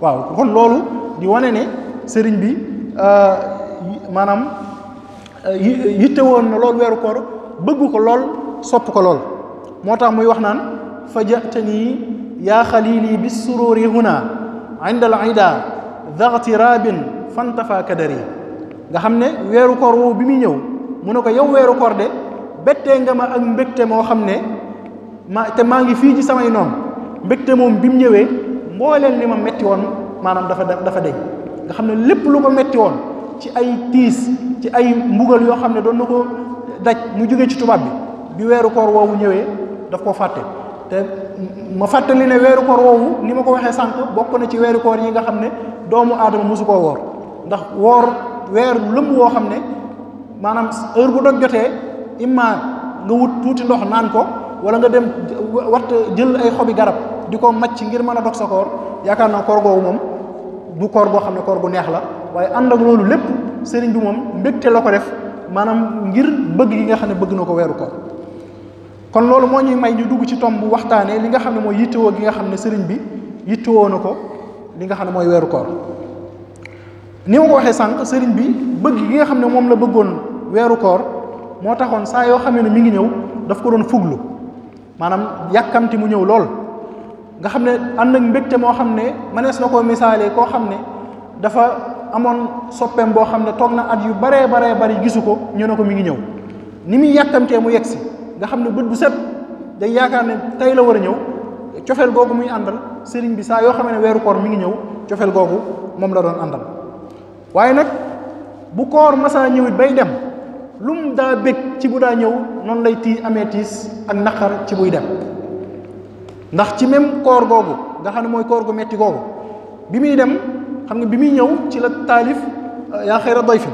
waaw kon loolu di wane ne sëriñ bi euh, maanaam euh, yitte woon na loolu weeru koor bëgg ko lool sopp ko lool moo tax muy wax naan fa jatanii yaa xalili bi sururi huna inda al ida dagtirabin fantafa kadari nga xam ne weeru koor woowu bi muy ñëw mu ne ko yow weeru koor de bettee nga ma ak mbégte moo xam ne ma maa ngi fii ci samay noon mbégte moom bi mu ñëwee mbooleen li ma metti woon maanaam dafa dafa deñ nga xam ne lépp lu ko metti woon ci ay tiis ci ay mbugal yoo xam ne doon na ko daj mu jóge ci tubaab bi bi weeru koor woowu ñëwee daf koo fàtte ma fàttali ne weeru koor woowu ni ma ko waxee sànq bokk na ci weeru koor yi nga xam ne doomu aadama mosu koo woor ndax woor weer lëmm woo xam ne maanaam heure bu dog jotee imma nga wut tuuti ndox naan ko wala nga dem wat jël ay xobi garab di ko màcc ngir mën a dox sa koor yaakaar naa koor googu moom du koor goo xam ne koor gu neex la waaye ànd ak loolu lépp sëriñ bi moom mbégte la ko def maanaam ngir bëgg gi nga xam ne bëgg na ko weeru koor kon loolu moo ñuy may ñu dugg ci tomb waxtaanee li nga xam ne mooy yittewoo gi nga xam ne sëriñ bi yittewoo na ko li nga xam ne mooy weeru koor ni ma waxee sànq sëriñ bi bëgg gi nga xam ne moom la bëggoon weeru koor moo taxoon saa yoo xamee ne mi ngi ñëw daf ko doon fuglu maanaam yàkkamti mu ñëw lool nga xam ne ànd ak mbégte moo xam ne mënees na koo misaalee koo xam ne dafa amoon soppeem boo xam ne toog na at yu baree baree bari gisu ko ñu ne ko mi ngi ñëw ni muy yàkkamtee mu yegsi nga xam ne bët bu set day yaakaar ne tey la war a ñëw cofeel googu muy àndal sëriñ bi saa yoo xam ne weeru koor mu ngi ñëw cofeel googu moom la doon àndal waaye nag bu koor masaa ñëwit bay dem lu mu daa bég ci bu daa ñëw noonu lay tii amee tiis ak naqar ci buy dem ndax ci même koor googu nga xam ne mooy koor gu metti googu bi muy dem xam nga bi muy ñëw ci la taalif yaa xëyra doy fi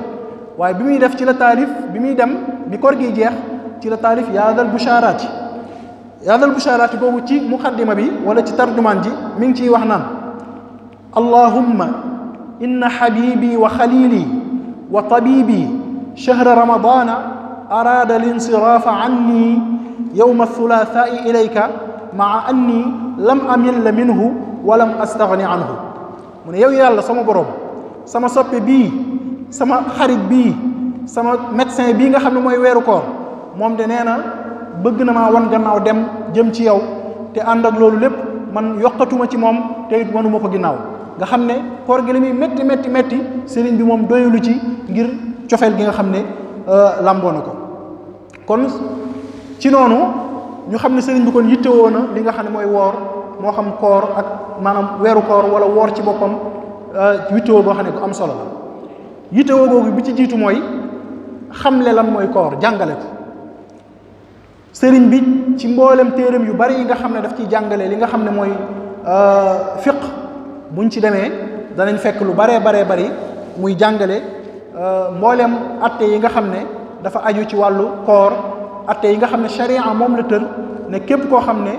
waaye bi muy def ci la taalif bi muy dem bi koor gi jeex ci la taalif yaadal bushaaraati yaadal bushaaraati boobu ci muqaddima bi wala ci tarjumaan ji mi ngi ciy wax naan allahumma inna xabibi wa xalili wa tabibi shahra ramadana araada alinsiraafa anni yowma althulathai ilayka maa yow yàlla sama borom sama soppe bii sama xarit bi sama médecin bii nga xam ne mooy weeru koor moom de nee bëgg na maa wan gannaaw dem jëm ci yow te ànd ak loolu lépp man yokkatuma ci moom te it wanuma ko ginnaaw nga xam ne koor gi li muy métti métti métti sëriñ bi moom doyulu ci ngir cofeel gi nga xam ne euh, làmboo na ko kon ci noonu ñu xam ne sëriñ bi kon yittewoo li nga xam ne mooy woor moo xam koor ak maanaam weeru koor wala woor ci boppam euh, yittewoo boo xam ne bu am solo la yittewoo googu bi ci jiitu mooy xamle lan mooy koor jàngale ko sëriñ bi ci mboolem téeram yu bari yi nga xam ne dafa ciy jàngale li nga xam ne mooy euh, fiq buñ ci demee danañ fekk lu baree baree bari muy jàngale euh, mboolem atte yi nga xam ne dafa aju ci wàllu koor atte yi nga xam ne sharia moom la tër ne képp koo xam ne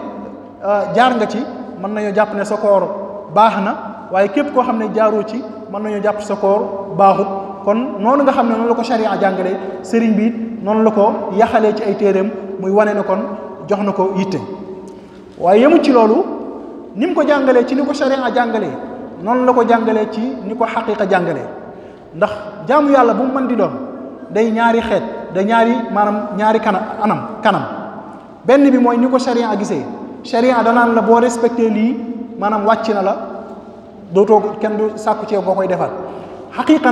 euh, jaar nga ci mën nañoo jàpp ne sa koor baax na waaye képp koo xam ne jaaru ci mën nañoo jàpp sa koor baaxut kon noonu nga xam ne noonu la ko charia jàngale sëriñ bi noonu la ko yaxalee ci ay téeréem muy wane ne kon jox na ko yitte waaye yemu ci loolu ni mu ko jàngalee ci ni ko a jàngalee noonu la ko jàngalee ci ni ko xaqiqa jàngale ndax jaamu yàlla bu mu mën di doon day ñaari xeet da ñaari maanaam ñaari kana anam kanam benn bi mooy ni ko charia gisee charia danaan la boo respecté lii maanaam wàcc na la dootoo kenn du sàkku ceeb boo koy defar xaqiqa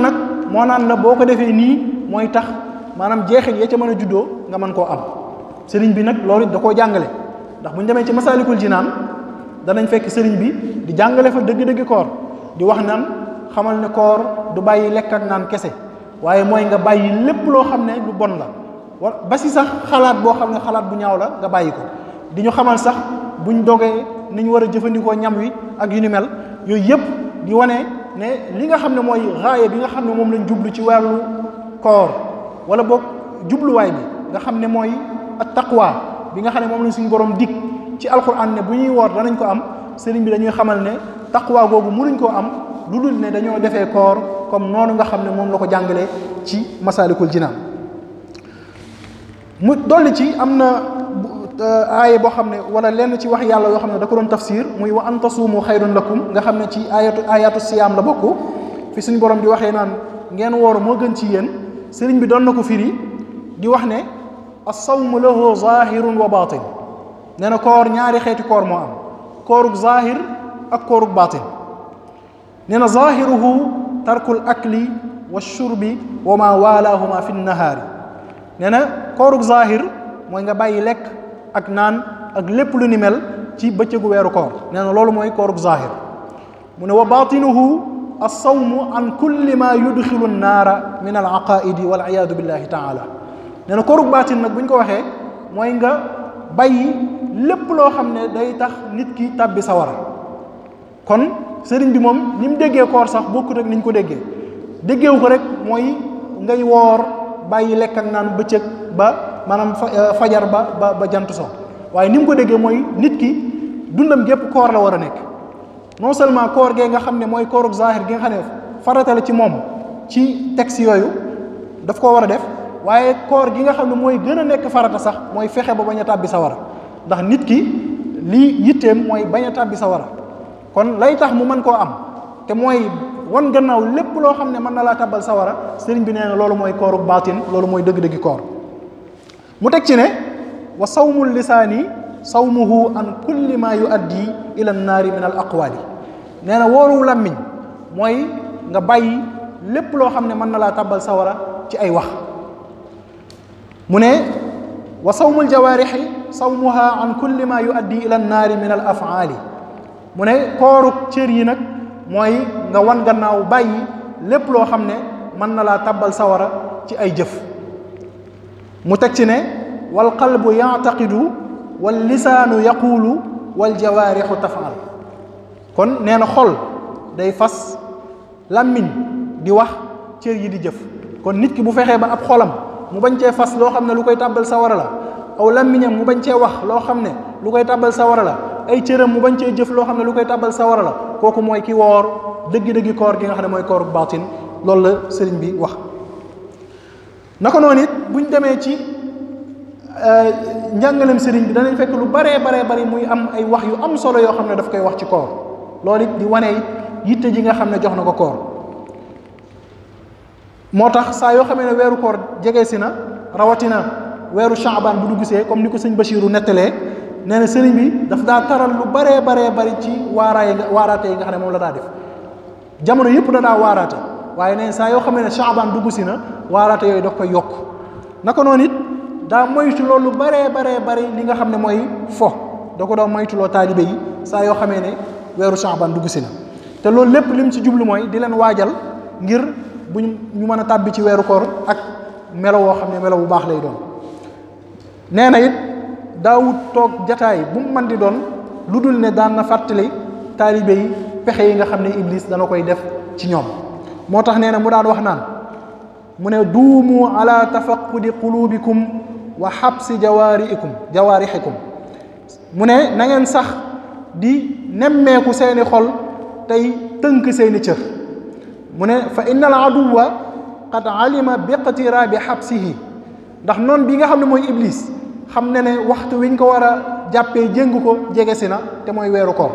moo naan la boo ko defee nii mooy tax maanaam jeexit ya ca mën a juddoo nga mën koo am sëriñ bi nag loolu da koo jàngale ndax bu ñu demee ci masaalikul naan danañ fekk sëriñ bi di jàngale fa dëgg-dëgg koor di wax naan xamal ne koor du bàyyi lekk ak naan kese waaye mooy nga bàyyi lépp loo xam ne lu bon la wa ba si sax xalaat boo xam ne xalaat bu ñaaw la nga bàyyi ko di ñu xamal sax buñ dogee ni ñu war a jëfandikoo ñam wi ak yu ni mel yooyu yëpp di wane ne li nga xam ne mooy raaya bi nga xam ne moom lañ jublu ci wàllu koor wala boog jubluwaay bi nga xam ne mooy at bi nga xam ne moom lañ suñu borom dikk ci alquran ne bu ñuy woor danañ ko am sëriñ bi dañuy xamal ne taqwa googu mënuñ koo am lu dul ne dañoo defee koor comme noonu nga xam ne moom la ko jàngalee ci masalikul jinaan mu dolli ci am na Euh, aaya boo xam ne wala lenn ci wax yàlla yoo xam ne da ko doon tafsir muy wa an ta tasuumu xayrun lakum nga xam ne ci ayatu ayatu siyaam la bokk fi suñu borom di waxee naan ngeen woor moo gën ci yéen sëriñ bi doon na ko firi di wax ne as-sawmu lahu zahirun wa batin nee na koor ñaari xeeti koor moo am koorug zahir ak koorug batin nee na zahiruhu tarkul akli wa shurbi wa ma waalahuma fi nnahaari nee na koorug zahir mooy nga bàyyi lekk ak naan ak lépp lu ni mel ci bëccëgu weeru koor nee na loolu mooy koorug zahir mu ne wa baatinuhu alsawmu an kulli ma yudxilu nnaara min al aqaidi wal iyaadu billahi taala nee na koorug baatin nag bu ñu ko waxee mooy nga bàyyi lépp loo xam ne day tax nit ki tàbbi sawara kon sëriñ bi moom ni mu déggee koor sax bokkut rek ni ñu ko déggee déggeewu ko rek mooy ngay woor bàyyi lekk ak naan bëccëg ba maanaam euh, fajar ba ba jant soo waaye ni mu ko déggee mooy nit ki dundam gépp koor la war a nekk non seulement koor gee nga xam ne mooy koorug zahir gi nga xam ne farata la ci moom ci texte yooyu daf koo war a def waaye koor gi nga xam ne mooy gën a nekk farata sax mooy fexe ba bañ a tàbbi sawara ndax nit ki lii yitteem mooy bañ a tàbbi sawara kon lay tax mu mën koo am te mooy wan gannaaw lépp loo xam ne mën na laa tàbbal sawara sëriñ bi nee na loolu mooy koorug baatin loolu dëgg-dëggi koor mu teg ci ne wa sawmul lisaani sawmuhu an kulli ma yuaddi ila naari min al aqwaali nee na wooru làmmiñ mooy nga bàyyi lépp loo xam ne mën na laa tàbbal sawara ci ay wax mu ne wa sawmul jawaarixi sawmuha an kulli ma yuaddi ila naari min al mu ne kooruk cër yi nag mooy nga wan gannaaw bàyyi lépp loo xam ne mën na laa tàbbal sawara ci ay jëf mu teg ci ne wal qalbu yaataqidu wal lisaanu yaquulu wal jawaarixu tafaal kon nee na xol day fas làmmiñ di wax cër yi di jëf kon nit ki bu fexee ba ab xolam mu bañ cee fas loo xam ne lu koy tàbbal sawara la aw làmmiñam mu bañ cee wax loo xam ne lu koy tàbbal sawara la ay cëram mu bañ cee jëf loo xam ne lu koy tàbbal sawara la kooku mooy ki woor dëgg-dëggi koor gi nga xam ne mooy koor baatin lool la sëriñ bi wax naka noonu it buñ demee ci euh, njàngaleem sëriñ bi danañ fekk lu baree baree bari muy am ay wax yu am solo yoo xam ne daf koy wax ci koor loolu it di wane it yitte ji nga xam ne jox na ko koor moo tax saa yoo xamee ne weeru koor jege si na rawatina weeru shaabaan bu duggsee comme ni ko sëñ Bachiru nettalee nee na sëriñ bi daf daa taral lu baree baree bari ci waaraay waaraate yi nga xam ne moom la daa def jamono yëpp danaa daa waaraate waaye neen saa yoo xam ne chaabaan dugg si na waaraate yooyu daf koy yokk naka noonu it daa moytu loolu baree baree bari li nga xam ne mooy fo da ko doon moytuloo taalibe yi saa yoo xamee ne weeru chaabaan dugg si na te loolu lépp lim ci jublu mooy di leen waajal ngir bu ñu mën a tàbbi ci weeru koor ak melo woo xam ne melo bu baax lay doon nee na it daawut toog jataay bu mu mën di doon lu dul ne daan na fàttali taalibe yi pexe yi nga xam ne iblis dana koy def ci ñoom moo tax nee na mu daan wax naan mu ne duumu ala tafaqudi qulubikum wa xabsi jawaariikum jawaarixikum mu ne nangeen sax di nemmeeku seeni xol tey tënk seeni cër mu ne fa inna al aduwa qad alima biqtiraabi xabsihi ndax noon bi nga xam ne mooy iblis xam ne ne waxtu wiñ ko war a jàppee jéng ko jege si na te mooy weeru koor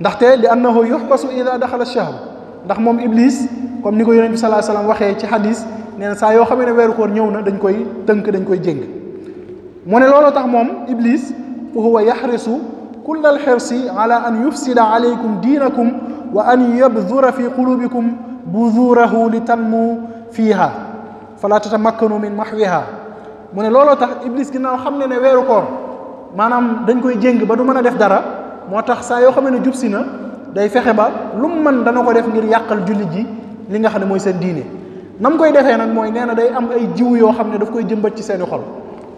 ndaxte li annahu yuxbasu ida daxala shahr ndax moom iblis comme ni ko yonent bi sallallahu alayhi waxee ci xadis nee na saa yoo xamee ne weeru koor ñëw na dañ koy tënk dañ koy jéng mu ne looloo tax moom iblis fa huwa yaxrisu kulla alxirsi ala an yufsida alaykum diinakum wa an yabdura fi qulubikum buzurahu li tanmu fiiha fala tatamakkanu min mahwiha mu ne looloo tax iblis ginnaaw xam ne ne weeru koor maanaam dañ koy jéng ba du mën a def dara moo tax saa yoo xam ne jub si na day fexe ba lu mu mën dana ko def ngir yàqal jullit ji li nga xam ne mooy seen diine nam koy defee nag mooy nee na day am ay jiw yoo xam ne daf koy jëmbat ci seeni xol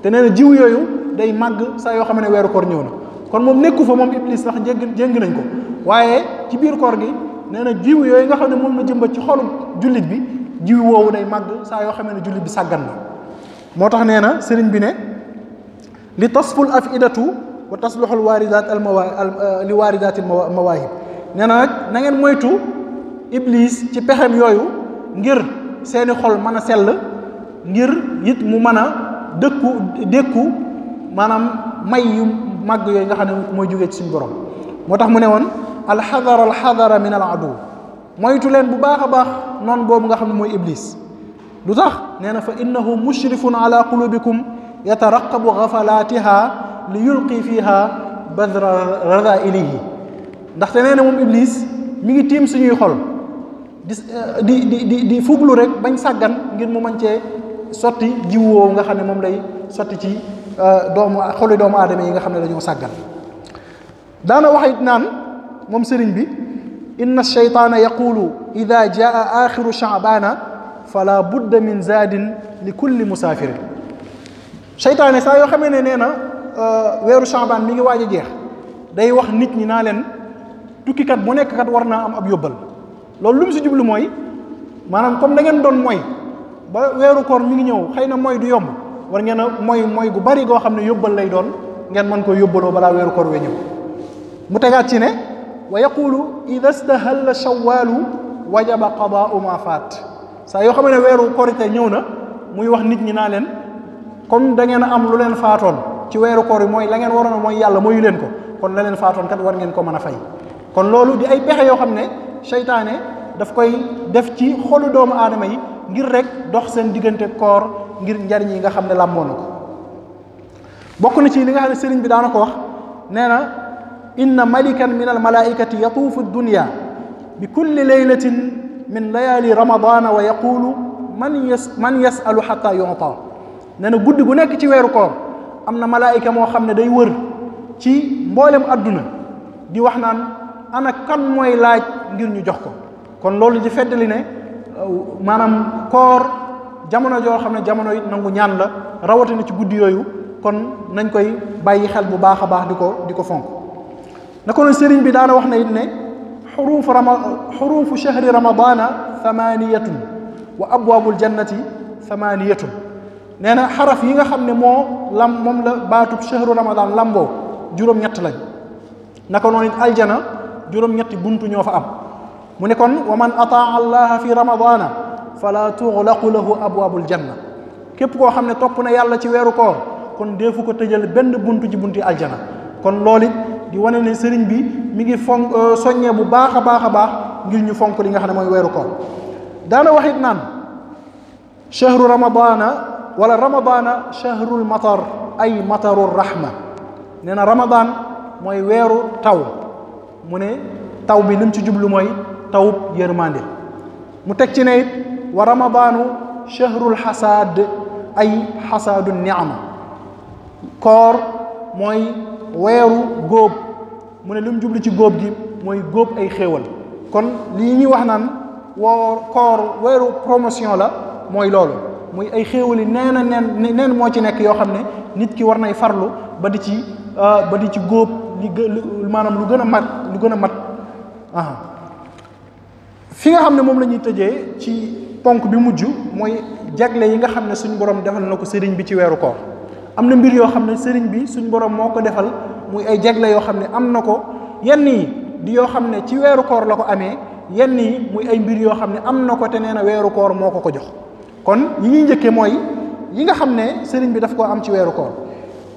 te nee jiw yooyu day màgg saa yoo xam ne weeru koor ñëw na kon moom nekku fa moom iblis sax jégg jéng nañ ko waaye ci biir koor gi nee na jiw yooyu nga xam ne moom la jëmbat ci xolu jullit bi jiw woowu day màgg saa yoo xam ne jullit bi sàggan na moo tax nee na sëriñ bi ne li tasful afidatu wa tasluxul waaridaat al mawa euh, li waaridaati mawaahib nee na nag na ngeen moytu iblis ci pexem yooyu ngir seeni xol mën a sell ngir it mu mën a dëkku dékku maanaam may yu màgg yooyu nga xam ne mooy jógee ci suñu borom moo tax mu ne woon alxadara alxadara min al adu moytu leen bu baax a baax noonu boobu nga xam ne mooy iblis lu tax nee na fa innahu mushrifun ala qulubikum yataraqabu gafalaatiha li yulqi fiha badra yi ndaxte nee na moom iblis mi ngi tiim suñuy xol eh, di di di di fuglu rek bañ sàggan ngir mu mën cee sotti jiw woowu nga xam ne moom lay sotti ci eh, doomu xolu doomu aadama yi nga xam ne dañoo sàggan daana wax it naan moom sëriñ bi inna shaytaana yaqulu ida jaa axiru chaabana fala budda min zaadin li kulli musaafirin seytaane saa yoo xamee ne nee na eh, weeru chaabaan mi ngi waaj a jeex day wax nit ñi naa leen tukkikat bu nekk kat war naa am ab yóbbal loolu lu mu si jublu mooy maanaam comme da ngeen doon mooy ba weeru koor mu ngi ñëw xëy na mooy du yomb war ngeen a mooy mooy gu bari goo xam ne yóbbal lay doon ngeen mën koo yóbbaloo balaa weeru koor we ñëw mu tegaat ci ne wa yaqulu ida stahalla shawaalu wajaba qadaau ma faat saa yoo xam ne weeru korite ñëw na muy wax nit ñi naa leen comme da ngeen a am lu leen faatoon ci weeru koor yi mooy la ngeen waroon a mooy yàlla mooyu leen ko kon la leen faatoon kat war ngeen ko mën a fay kon loolu di ay pexe yoo xam ne seytaane daf koy def ci xolu doomu aadama yi ngir rekk dox seen diggante koor ngir njariñ yi nga xam ne làmboon na ko bokk na ci li nga xam ne sëriñ bi daana ko wax nee na inna malikan min almalaikati yatuufu dunya bi kulli laylatin min layaali ramadana wa yaqulu man yas man yasalu xata yonta nee na guddi gu nekk ci weeru koor am na malaayika moo xam ne day wër ci mboolem àdduna di wax naan ana kan mooy laaj ngir ñu jox ko kon loolu di feddali ne euh, maanaam koor jamono joo xam ne jamono yi nangu ñaan la rawatina ci guddi yooyu kon nañ koy bàyyi xel bu baax a baax di ko di ko fonk na ko noonu sëriñ bi daana wax na it ne xuruufu rama xuruufu chahri ramadana thamaniyatun wa abwaabul jannati thamaniyatun nee na xaraf yi nga xam ne moo lam moom la baatub chahru ramadan lamboo juróom-ñett lañ na ko noonu aljana juróom-ñetti buntu ñoo fa am mu ne kon wa man ataa allaha fi ramadana fala tuxlaqu lahu abwaabul janna képp koo xam ne topp na yàlla ci weeru koor kon deefu ko tëjal benn buntu ci bunti aljana kon loolu di wane ne sëriñ bi mi ngi fonk euh, soññee bu baax a baax a baax ngir ñu fonk li nga xam ne mooy weeru koor daana wax naan chahru ramadana wala ramadana chahrul matar ay mataru rahma nee na ramadan mooy weeru taw mu ne taw bi lim ci jublu mooy tawub yërmande mu teg ci ne it wa ramadaanu chahrul xasaad ay xasaadu niama koor mooy weeru góob mu ne lim jublu ci góob gi mooy góob ay xéewal kon lii ñuy wax naan woor koor weeru promotion la mooy loolu muy ay xéewali nee na neen moo ci nekk yoo xam ne nit ki war nay farlu ba di ci euh, ba di ci góob li gën lu gën a mat lu gën a mat ah fi nga xam ne moom lañuy tëjee ci ponk bi mujj mooy jagle yi nga xam ne suñu borom defal na ko sëriñ bi ci weeru koor am na mbir yoo xam ne sëriñ bi suñu borom moo ko defal muy ay jagle yoo xam ne am na ko yenn yi di yoo xam ne ci weeru koor la ko amee yenn yi muy ay mbir yoo xam ne am na ko te nee na weeru koor moo ko ko jox kon yi ñuy njëkkee mooy yi nga xam ne sëriñ bi daf ko am ci weeru koor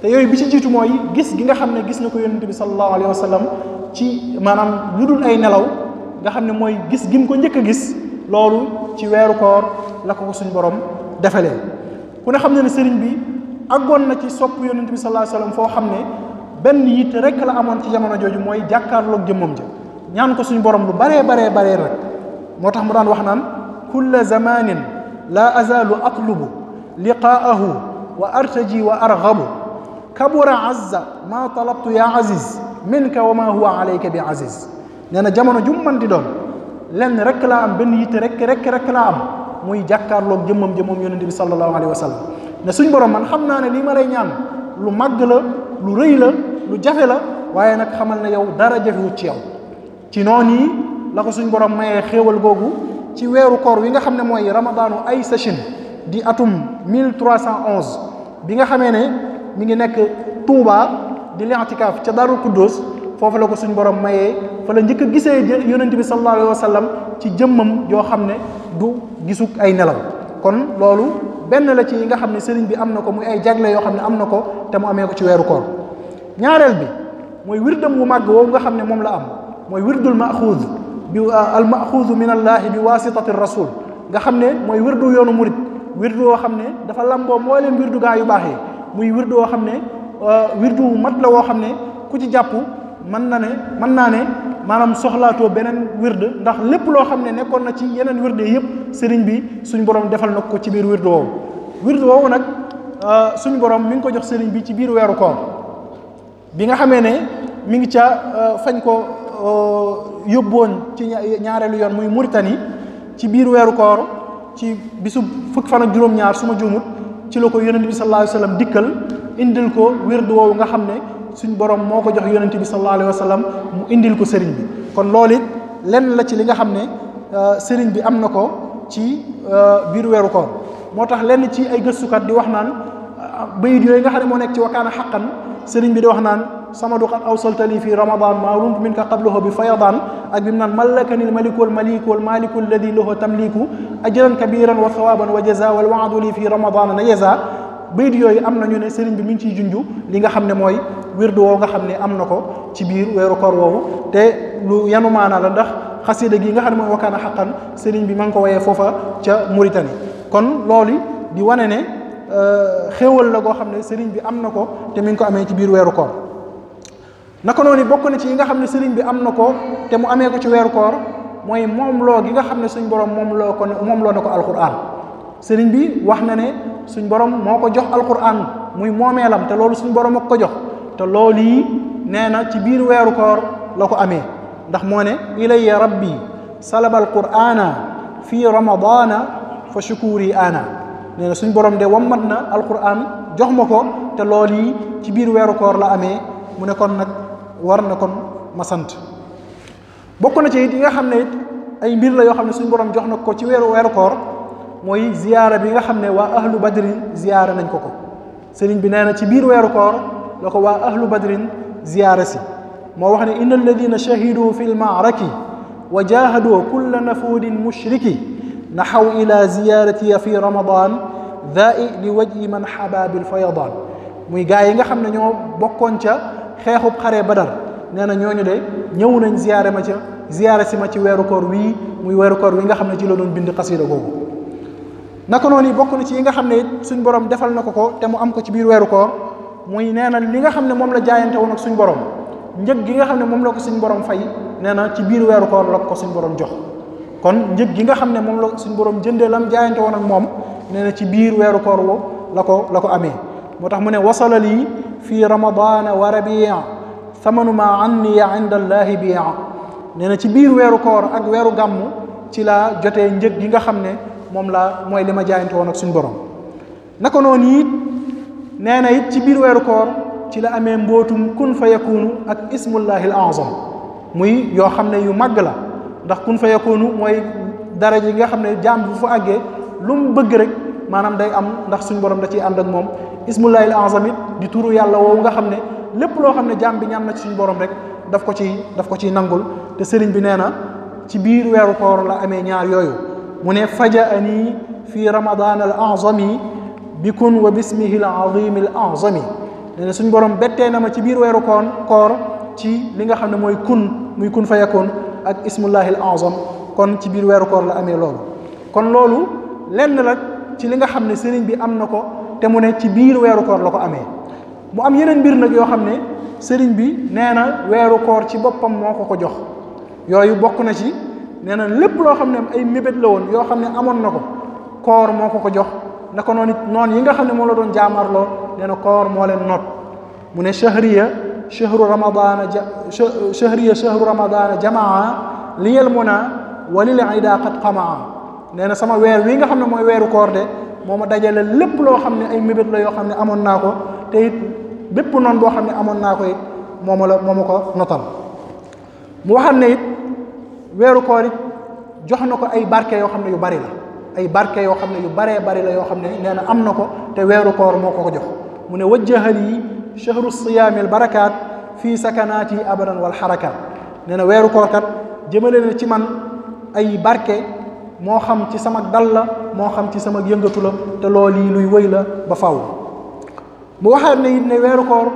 te yooyu bi ci jiitu mooy gis gi nga xam ne gis na ko yonente bi sallallahu alayhi wa sallam ci maanaam lu ay nelaw nga ne mooy gis gim ko njëkk a gis loolu ci weeru koor la ko ko suñ borom ku ne xam ne ne sëriñ bi aggoon na ci sopp yonente bi sallallahu alayhi foo xam ne benn yitte rek la amoon ci jamono jooju mooy jàkkaarloog jëmmam ja ñaan ko suñ borom lu baree baree baree rek moo tax mu daan wax naan kulla zamanin la azalu atlubu liqaahu wa artaji wa argabu kabura azza ma talabtu ya aziz minka wa ma huwa alayka bi aziz nee na jamono ju man di doon lenn rek laa am benn yitte rek rek rek laa am muy jàkkaarloog jëmmam jëmmam yonente bi sallallahu alayhi wa sallam ne suñ borom man xam naa ne lii ma lay ñaan lu màgg la lu rëy la lu jafe la waaye nag xamal na yow dara jafewut ci yow ci noonu la ko suñ borom mayee xéewal googu ci weeru koor wi nga xam ne mooy ramadaanu ay sachin di atum 1311 bi nga xamee ne mi ngi nekk Touba di li itikaaf ca Daarul Kuddóos foofu la ko suñ borom mayee fa la njëkk a gisee yonent bi sallallahu alayhi wa sallam ci jëmmam joo xam ne du gisu ay nelaw kon loolu benn la ci yi nga xam ne sëriñ bi am na ko muy ay jagle yoo xam ne am na ko te mu amee ko ci weeru koor ñaareel bi mooy wirdam wu màgg woowu nga xam ne moom la am mooy wirdul maxuud bi ah, al maxuud min allaahi bi waasitati rasul nga xam ne mooy wirdu yoonu murit wirdu woo xam ne dafa lamboo moo leen gaa yu baax yi muy wirdu woo xam ne euh, wirdu wu mat la woo xam ne ku ci jàpp mën na ne mën naa ne maanaam soxlaatoo beneen wirde ndax lépp loo xam ne nekkoon na ci yeneen wirde yëpp sëriñ bi suñu borom defal na ko ci biir wirde woowu wirde woowu nag euh, suñu borom mi ngi ko jox sëriñ bi ci biir weeru koor bi nga xamee ne mi ngi ca euh, fañ ko yóbboon ci ñaareelu yoon muy Mauritanie ci biir weeru koor ci bisu fukk fan ak juróom-ñaar su ma ci la ko yonent bi sallallahu alayhi dikkal indil ko wirdu woowu nga xam ne suñ borom moo ko jox yonent bi sallallahu alayhi wa sallam mu indil ko sëriñ bi kon loolu lenn la ci li nga xam ne euh, sëriñ bi am na ko ci euh, biir weeru koor moo tax lenn ci ay gëstukat di wax naan euh, bayit yooyu nga xam ne moo nekk ci wakkaana xaqan sëriñ bi di wax naan samadu qad awsaltali fi ramadan ma rumt min ka qablahu bi fayadan ak bi mu naan malakanil malikul malikul malikul ladi lahu tamliku ajran kabiran wa thawaban wa jaza wal waadu li fi ramadan na jaza bayit yooyu am na ñu ne sëriñ bi mi ngi ciy junj li nga xam ne mooy wirdu woowu nga xam ne am na ko ci biir weeru koor woowu te lu yanu maana la ndax xasida gi nga xam ne mooy wakkaana xaqan sëriñ bi ma ngi ko woyee foofa ca Mauritanie kon loolu di wane ne euh, xéewal la goo xam ne sëriñ bi am na ko te mi ngi ko amee ci biir weeru koor naka noonu bokk na ci yi nga xam ne sëriñ bi am na ko te mu amee ko ci weeru koor mooy moom loo gi nga xam ne suñ borom moom loo ko moom loo na ko alquran sëriñ bi wax na ne suñ borom moo ko jox alquran muy moomeelam te loolu suñ borom ak ko jox te loolu yi nee na ci biir weeru koor la ko amee ndax moo ne ilaya rabbi salaba alqurana fi ramadana fa shukuri ana nee na suñ borom de wammat na alquran jox ma ko te loolu yi ci biir weeru koor la amee mu ne kon nag war na kon ma sant bokk na ci it yi nga xam ne it ay mbir la yoo xam ne suñu borom jox na ko ci weeru weeru koor mooy ziyaara bi nga xam ne waa ahlu badrin ziyaara nañ ko ko sëriñ bi nee na ci biir weeru koor la ko waa ahlu badrin ziyaara si moo wax ne inna alladina shahidu fi lmaaraki wa jahaduu kulla nafuudin mushriki naxaw ila ziyaaratiya fi ramadan dai li wajhi man xabaabil fayadaan muy gaa yi nga xam ne ñoo bokkoon ca xeexub xare badar nee na ñooñu de ñëw nañ ziyaare ma ca ziyaare si ma ci weeru koor wii muy weeru koor wi nga xam ne ci la doon bind xasida googu naka noonu yi bokk na ci yi nga xam ne suñ borom defal na ko ko te mu am ko ci biir weeru koor muy nee na li nga xam ne moom la jaayante woon ak suñ borom njëg gi nga xam ne moom la ko suñ borom fay nee na ci biir weeru koor la ko suñ borom jox kon njëg gi nga xam ne moom la suñ borom jëndee lam jaayante woon ak moom nee na ci biir weeru koor wo la ko la ko amee moo tax mu ne wasala lii fii ramadana wa rabia samanu ma anni ya inda allahi bia nee na ci biir weerukoor ak weeru gàmmu ci laa jotee njëg yi nga xam ne moom laa mooy li ma jaayante woon ak suñu borom naka noonu it nee na it ci biir weeru koor ci la amee mbootum kun fa yakunu ak ismullahi al muy yoo xam ne yu màgg la ndax kun fa yakunu mooy dara ji nga xam ne jaam bu fa àggee lu mu bëgg rek maanaam day am ndax suñu borom da ciy ànd ak moom ismullahil azam di turu yàlla woowu nga xam ne lépp loo xam ne jaam bi ñaan na ci suñu borom rek daf ko ci daf ko ciy nangul te sëriñ bi nee na ci biir weeru koor la amee ñaar yooyu mu ne fajaani fi ramadan al azami bi kun wa bismihi al azim al azami nee na suñ borom bettee na ma ci biir weeru koon koor ci li nga xam ne mooy kun muy kun fayakoon ak ismullahil azam kon ci biir weeru koor la amee loolu kon loolu lenn la ci li nga xam ne sëriñ bi am na ko te mu ne ci biir weeru koor la ko amee mu am yeneen mbir nag yoo xam ne sëriñ bi nee na weeru koor ci boppam moo ko ko jox yooyu bokk na ci nee na lépp loo xam ne ay mébét la woon yoo xam ne amoon na ko koor moo ko ko jox naka noon it yi nga xam ne moo la doon jaamarloo nee na koor moo leen not mu ne chahriya chahru ramadana chahriya chahru ramadana jamaa liyal muna walil ida qad qamaa nee na sama weer wii nga xam ne mooy weeru koor de moo ma dajale lépp loo xam ne ay mébét la yoo xam ne amoon naa ko te it bépp noonu boo xam ne amoon naa ko it moo ma ko notal mu waxam ne it weeru koor it jox na ko ay barke yoo xam ne yu bari la ay barke yoo xam ne yu baree bari la yoo xam ne nee am na ko te weeru koor moo ko ko jox mu ne wajjahal yi chahru siyaami al barakaat fii sakanaati abadan wal xarakaat nee na weeru koor kat jëmale na ci man ay barke moo xam ci sama dal la moo xam ci sama yëngatu la te loolu yi luy wëy la ba faw mu waxaat ne it ne weeru koor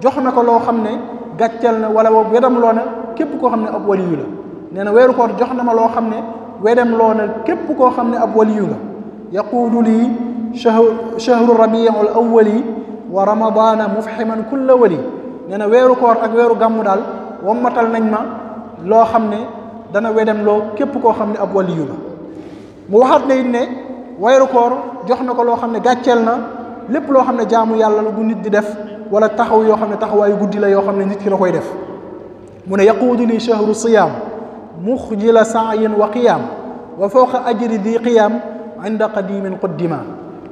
jox na ko loo xam ne gàcceel na wala wedam loo na képp koo xam ne ab waliyu la nee na weeru koor jox na ma loo xam ne wedam loo képp koo xam ne ab waliyu nga yaquudu lii shahru shahru rabiul awwali wa ramadana mufhiman kulla wali nee na weeru koor ak weeru gàmmu daal wammatal nañ ma loo xam ne dana wedam loo képp koo xam ne ab waliyu la mu waxaat na it ne weeru koor jox na ko loo xam ne gàcceel na lépp loo xam ne jaamu yàlla la bu nit di def wala taxaw yoo xam ne taxawaayu guddi la yoo xam ne nit ki la koy def mu ne yaquudu li chahru siyaam muxjila saayin wa qiyaam wa fawqa ajri di qiyaam inda qadimin quddima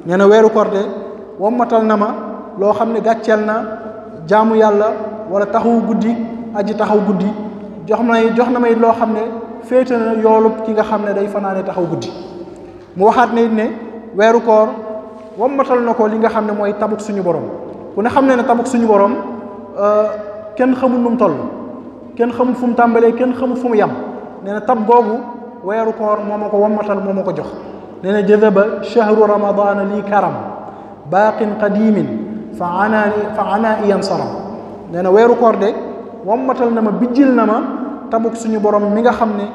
nee na weeru koor de wammatal na ma loo xam ne gàcceel na jaamu yàlla wala taxaw guddi aji taxaw guddi jox may jox na ma may loo xam ne féete na yoolub ki nga xam ne day fanaane taxaw guddi mu waxaat ne it ne weeru koor wammatal na ko li nga xam ne mooy tabuk suñu borom ku ne xam ne ne tabuk suñu borom euh, kenn xamul nu mu toll kenn xamul fu mu tàmbalee kenn xamul fu mu yam nee na tab googu weeru koor moo ma ko wammatal moo ma ko jox nee na jazaba chahru ramadana lii karam baaqin qadimin fa anaani fa ana iyan saram nee na weeru koor na ma bijjil na ma tabuk suñu borom mi nga xam ne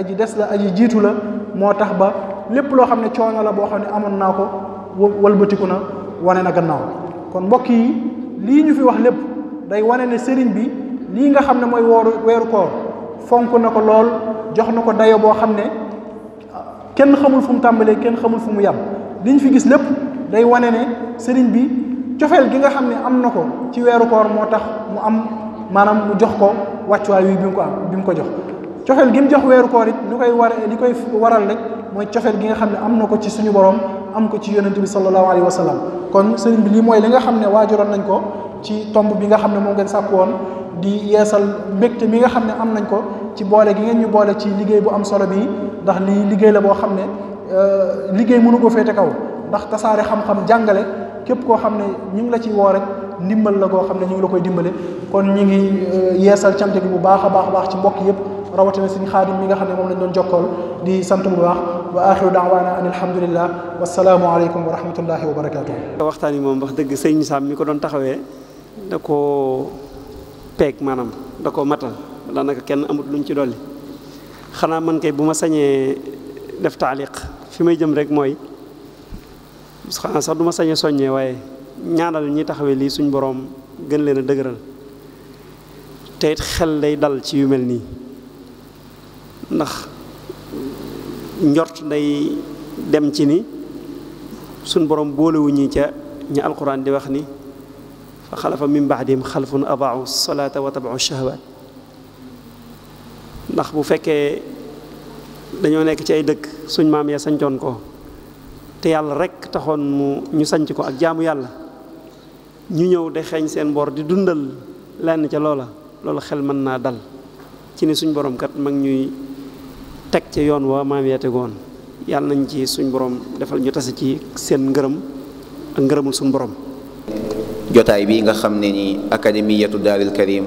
aji des la aji jiitu la moo tax ba lépp loo xam ne coono la boo xam ne amoon naa ko walbatiku na wane na gannaaw kon mbokk yi lii ñu fi wax lépp day wane ne sëriñ bi lii nga xam ne mooy wooru weeru koor fonk na ko lool jox na ko dayo boo xam ne ah, kenn xamul fu mu tàmbalee kenn xamul fu mu yam liñ fi gis lépp day wane ne sëriñ bi cofeel gi nga xam ne am na ko ci weeru koor moo tax mu am maanaam mu jox ko wàccuwaay wi bi mu ko am bi mu ko jox cofeel gi mu jox weeru koor it li koy war li koy mooy cofeel gi nga xam ne am na ko ci suñu borom am ko ci yonent bi sallallahu alayhi wa sallam kon sëriñ bi lii mooy li nga xam ne waajoroon nañ ko ci tomb bi nga xam ne moom ngeen sàkk woon di yeesal mbégte mi nga xam ne am nañ ko ci boole gi ngeen ñu boole ci liggéey bu am solo bi ndax lii liggéey la boo xam ne euh, liggéey mënu ko féete ndax tasaare xam jàngale képp koo xam ne ñu ngi la ci woo rek ndimbal la koo xam ne ñu la koy dimbale kon ñu ngi euh, yeesal cant gi bu baax a baax a ci mbokk yëpp rawatina suñu xaadim mi nga xam ne moom lañ doon jokkool di sant bu baax wa axiru daawaana an alhamdulillah wasalaamu alekum wa rahmatullahi wa
waxtaan yi moom wax dëgg sëñ Sam mi ko doon taxawee da koo peeg maanaam da koo matal daanaka kenn amut luñ ci dolli xanaa man kay bu ma sañee def taaliq fi may jëm rek mooy xanaa sax du ma sañee soññee waaye ñaanal ñi taxawee lii suñ boroom gën leen a dëgëral te xel day dal ci yu mel nii ndax njort day dem ci ni suñ boroom boolewu ñi ca ñi alquran di wax ni fa xalafa min baadihim xalfun adaau salaata wa tabaau shahawaat ndax bu fekkee dañoo nekk ci ay dëkk suñ maam ya sañcoon ko te yàlla rekk taxoon mu ñu sanc ko ak jaamu yàlla ñu ñëw de xeeñ seen bor di dundal lenn ca loola loolu xel mën naa dal ci ni suñ borom kat mag ñuy teg ci yoon waa maam yaa tegoon yàlla nañ ci suñ boroom defal ñu tase ci seen ngërëm ak ngërëmul suñ boroom
jotaay bii nga
xam ne nii ni académiyatu daaril karim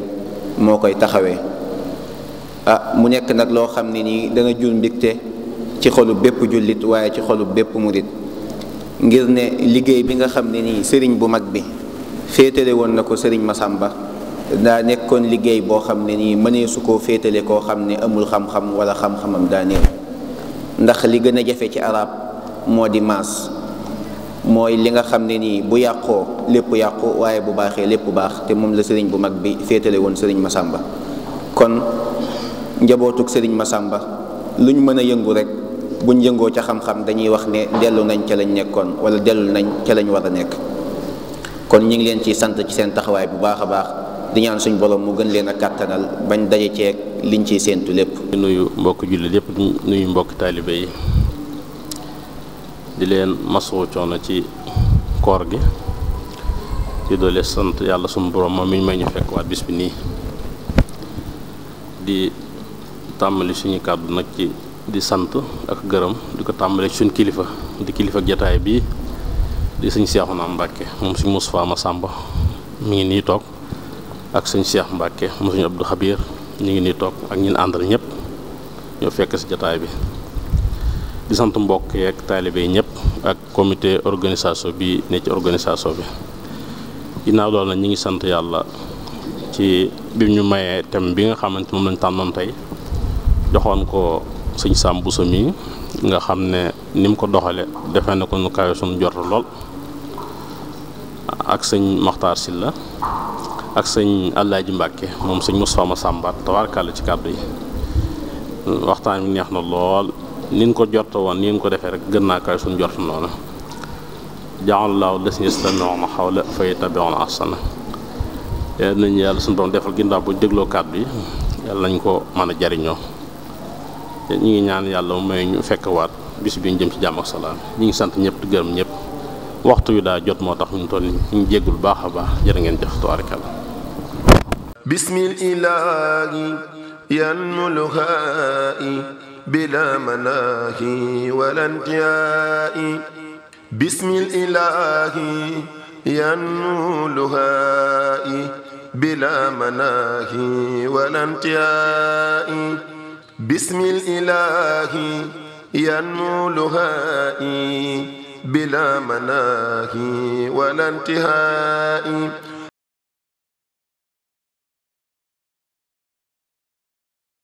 moo koy taxawee ah mu nekk nag loo xam ne nii danga jur mbigte ci xolu bépp jullit waaye ci xolu bépp murit ngir ne liggéey bi nga xam ne nii sëriñ bu mag bi féetale woon na ko sëriñ Masamba daa nekkoon liggéey boo xam ne nii mënee su koo féetale koo xam ne amul xam-xam wala xam-xamam daa néew ndax li gën a jafe ci araab moo di maas mooy li nga xam ne nii bu yàqoo lépp yàqu waaye bu baaxee lépp baax te moom la sëriñ bu mag bi féetale woon sëriñ ma Masamba kon njabootug sëriñ Masamba lu ñu mën a yëngu rek buñ yëngoo ca xam-xam dañuy wax ne dellu nañ ca lañ nekkoon wala dellu nañ ca lañ war a nekk kon ñu ngi leen ciy sant ci seen
taxawaay bu baax a baax di ñaan suñ borom mu gën leen a kàttanal bañ daje ceeg liñ ciy séentu lépp. nuyu mbokk jullit yépp nuyu mbokk taalibe yi di leen masoo coono ci koor gi di doole sant yàlla suñu borom moom mi ñu fekk waat bis nii di tàmbali suñu kàddu nag ci di sant ak gërëm di ko tàmbali ci suñu kilifa di kilifa jataay bii di suñu Seexuna Mbàkke moom suñu Mustafaa Masàmba mi ngi nii toog. ak sëñ Cheikh Mbacke mu sëñ Abdou Xabir ñu ngi nii toog ak ñun àndal ñëpp ñoo fekk si jataay bi di sant mbokk yeeg taalibe yi ñëpp ak comité organisation bi ne ci organisation bi ginnaaw loolu nag ñu ngi sant yàlla ci bi ñu mayee thème bi nga xamante moom lañ tànnoon tey joxoon ko sëñ bu Bousso mi nga xam ne ni mu ko doxale defe na ko nu kawe suñu jot lool ak sëñ Makhtar Sylla ak sëñ Alaaji Mbàkke moom sëñ Moustapha Massamba tabaarkàlla ci kàddu yi waxtaan bi neex na lool nin ko jot woon nin ko defee rek gën naa kaay suñu jot noonu jaalallahu na yastamiuuna xawla fa yattabiuuna ahsana yal nañu yàlla suñu borom defal ginnaaw bu dégloo kàddu yi yàlla nañ ko mën a jariñoo te ñu ngi ñaan yàlla may ñu fekk waat bis bi ñu jëm ci jàmm ak salaam ñu ngi sant ñëpp di gërëm ñëpp waxtu yu daa jot moo tax ñu toll ñu jéggul baax a baax jërë ngeen jëf tubaarikàlla
bismillaahi yan mulhaai bila manaahi wala intihaai bismillaahi yan mulhaai bila manaahi wala intihaai bismillaahi yan mulhaai بلا مناهي ولا انتهاء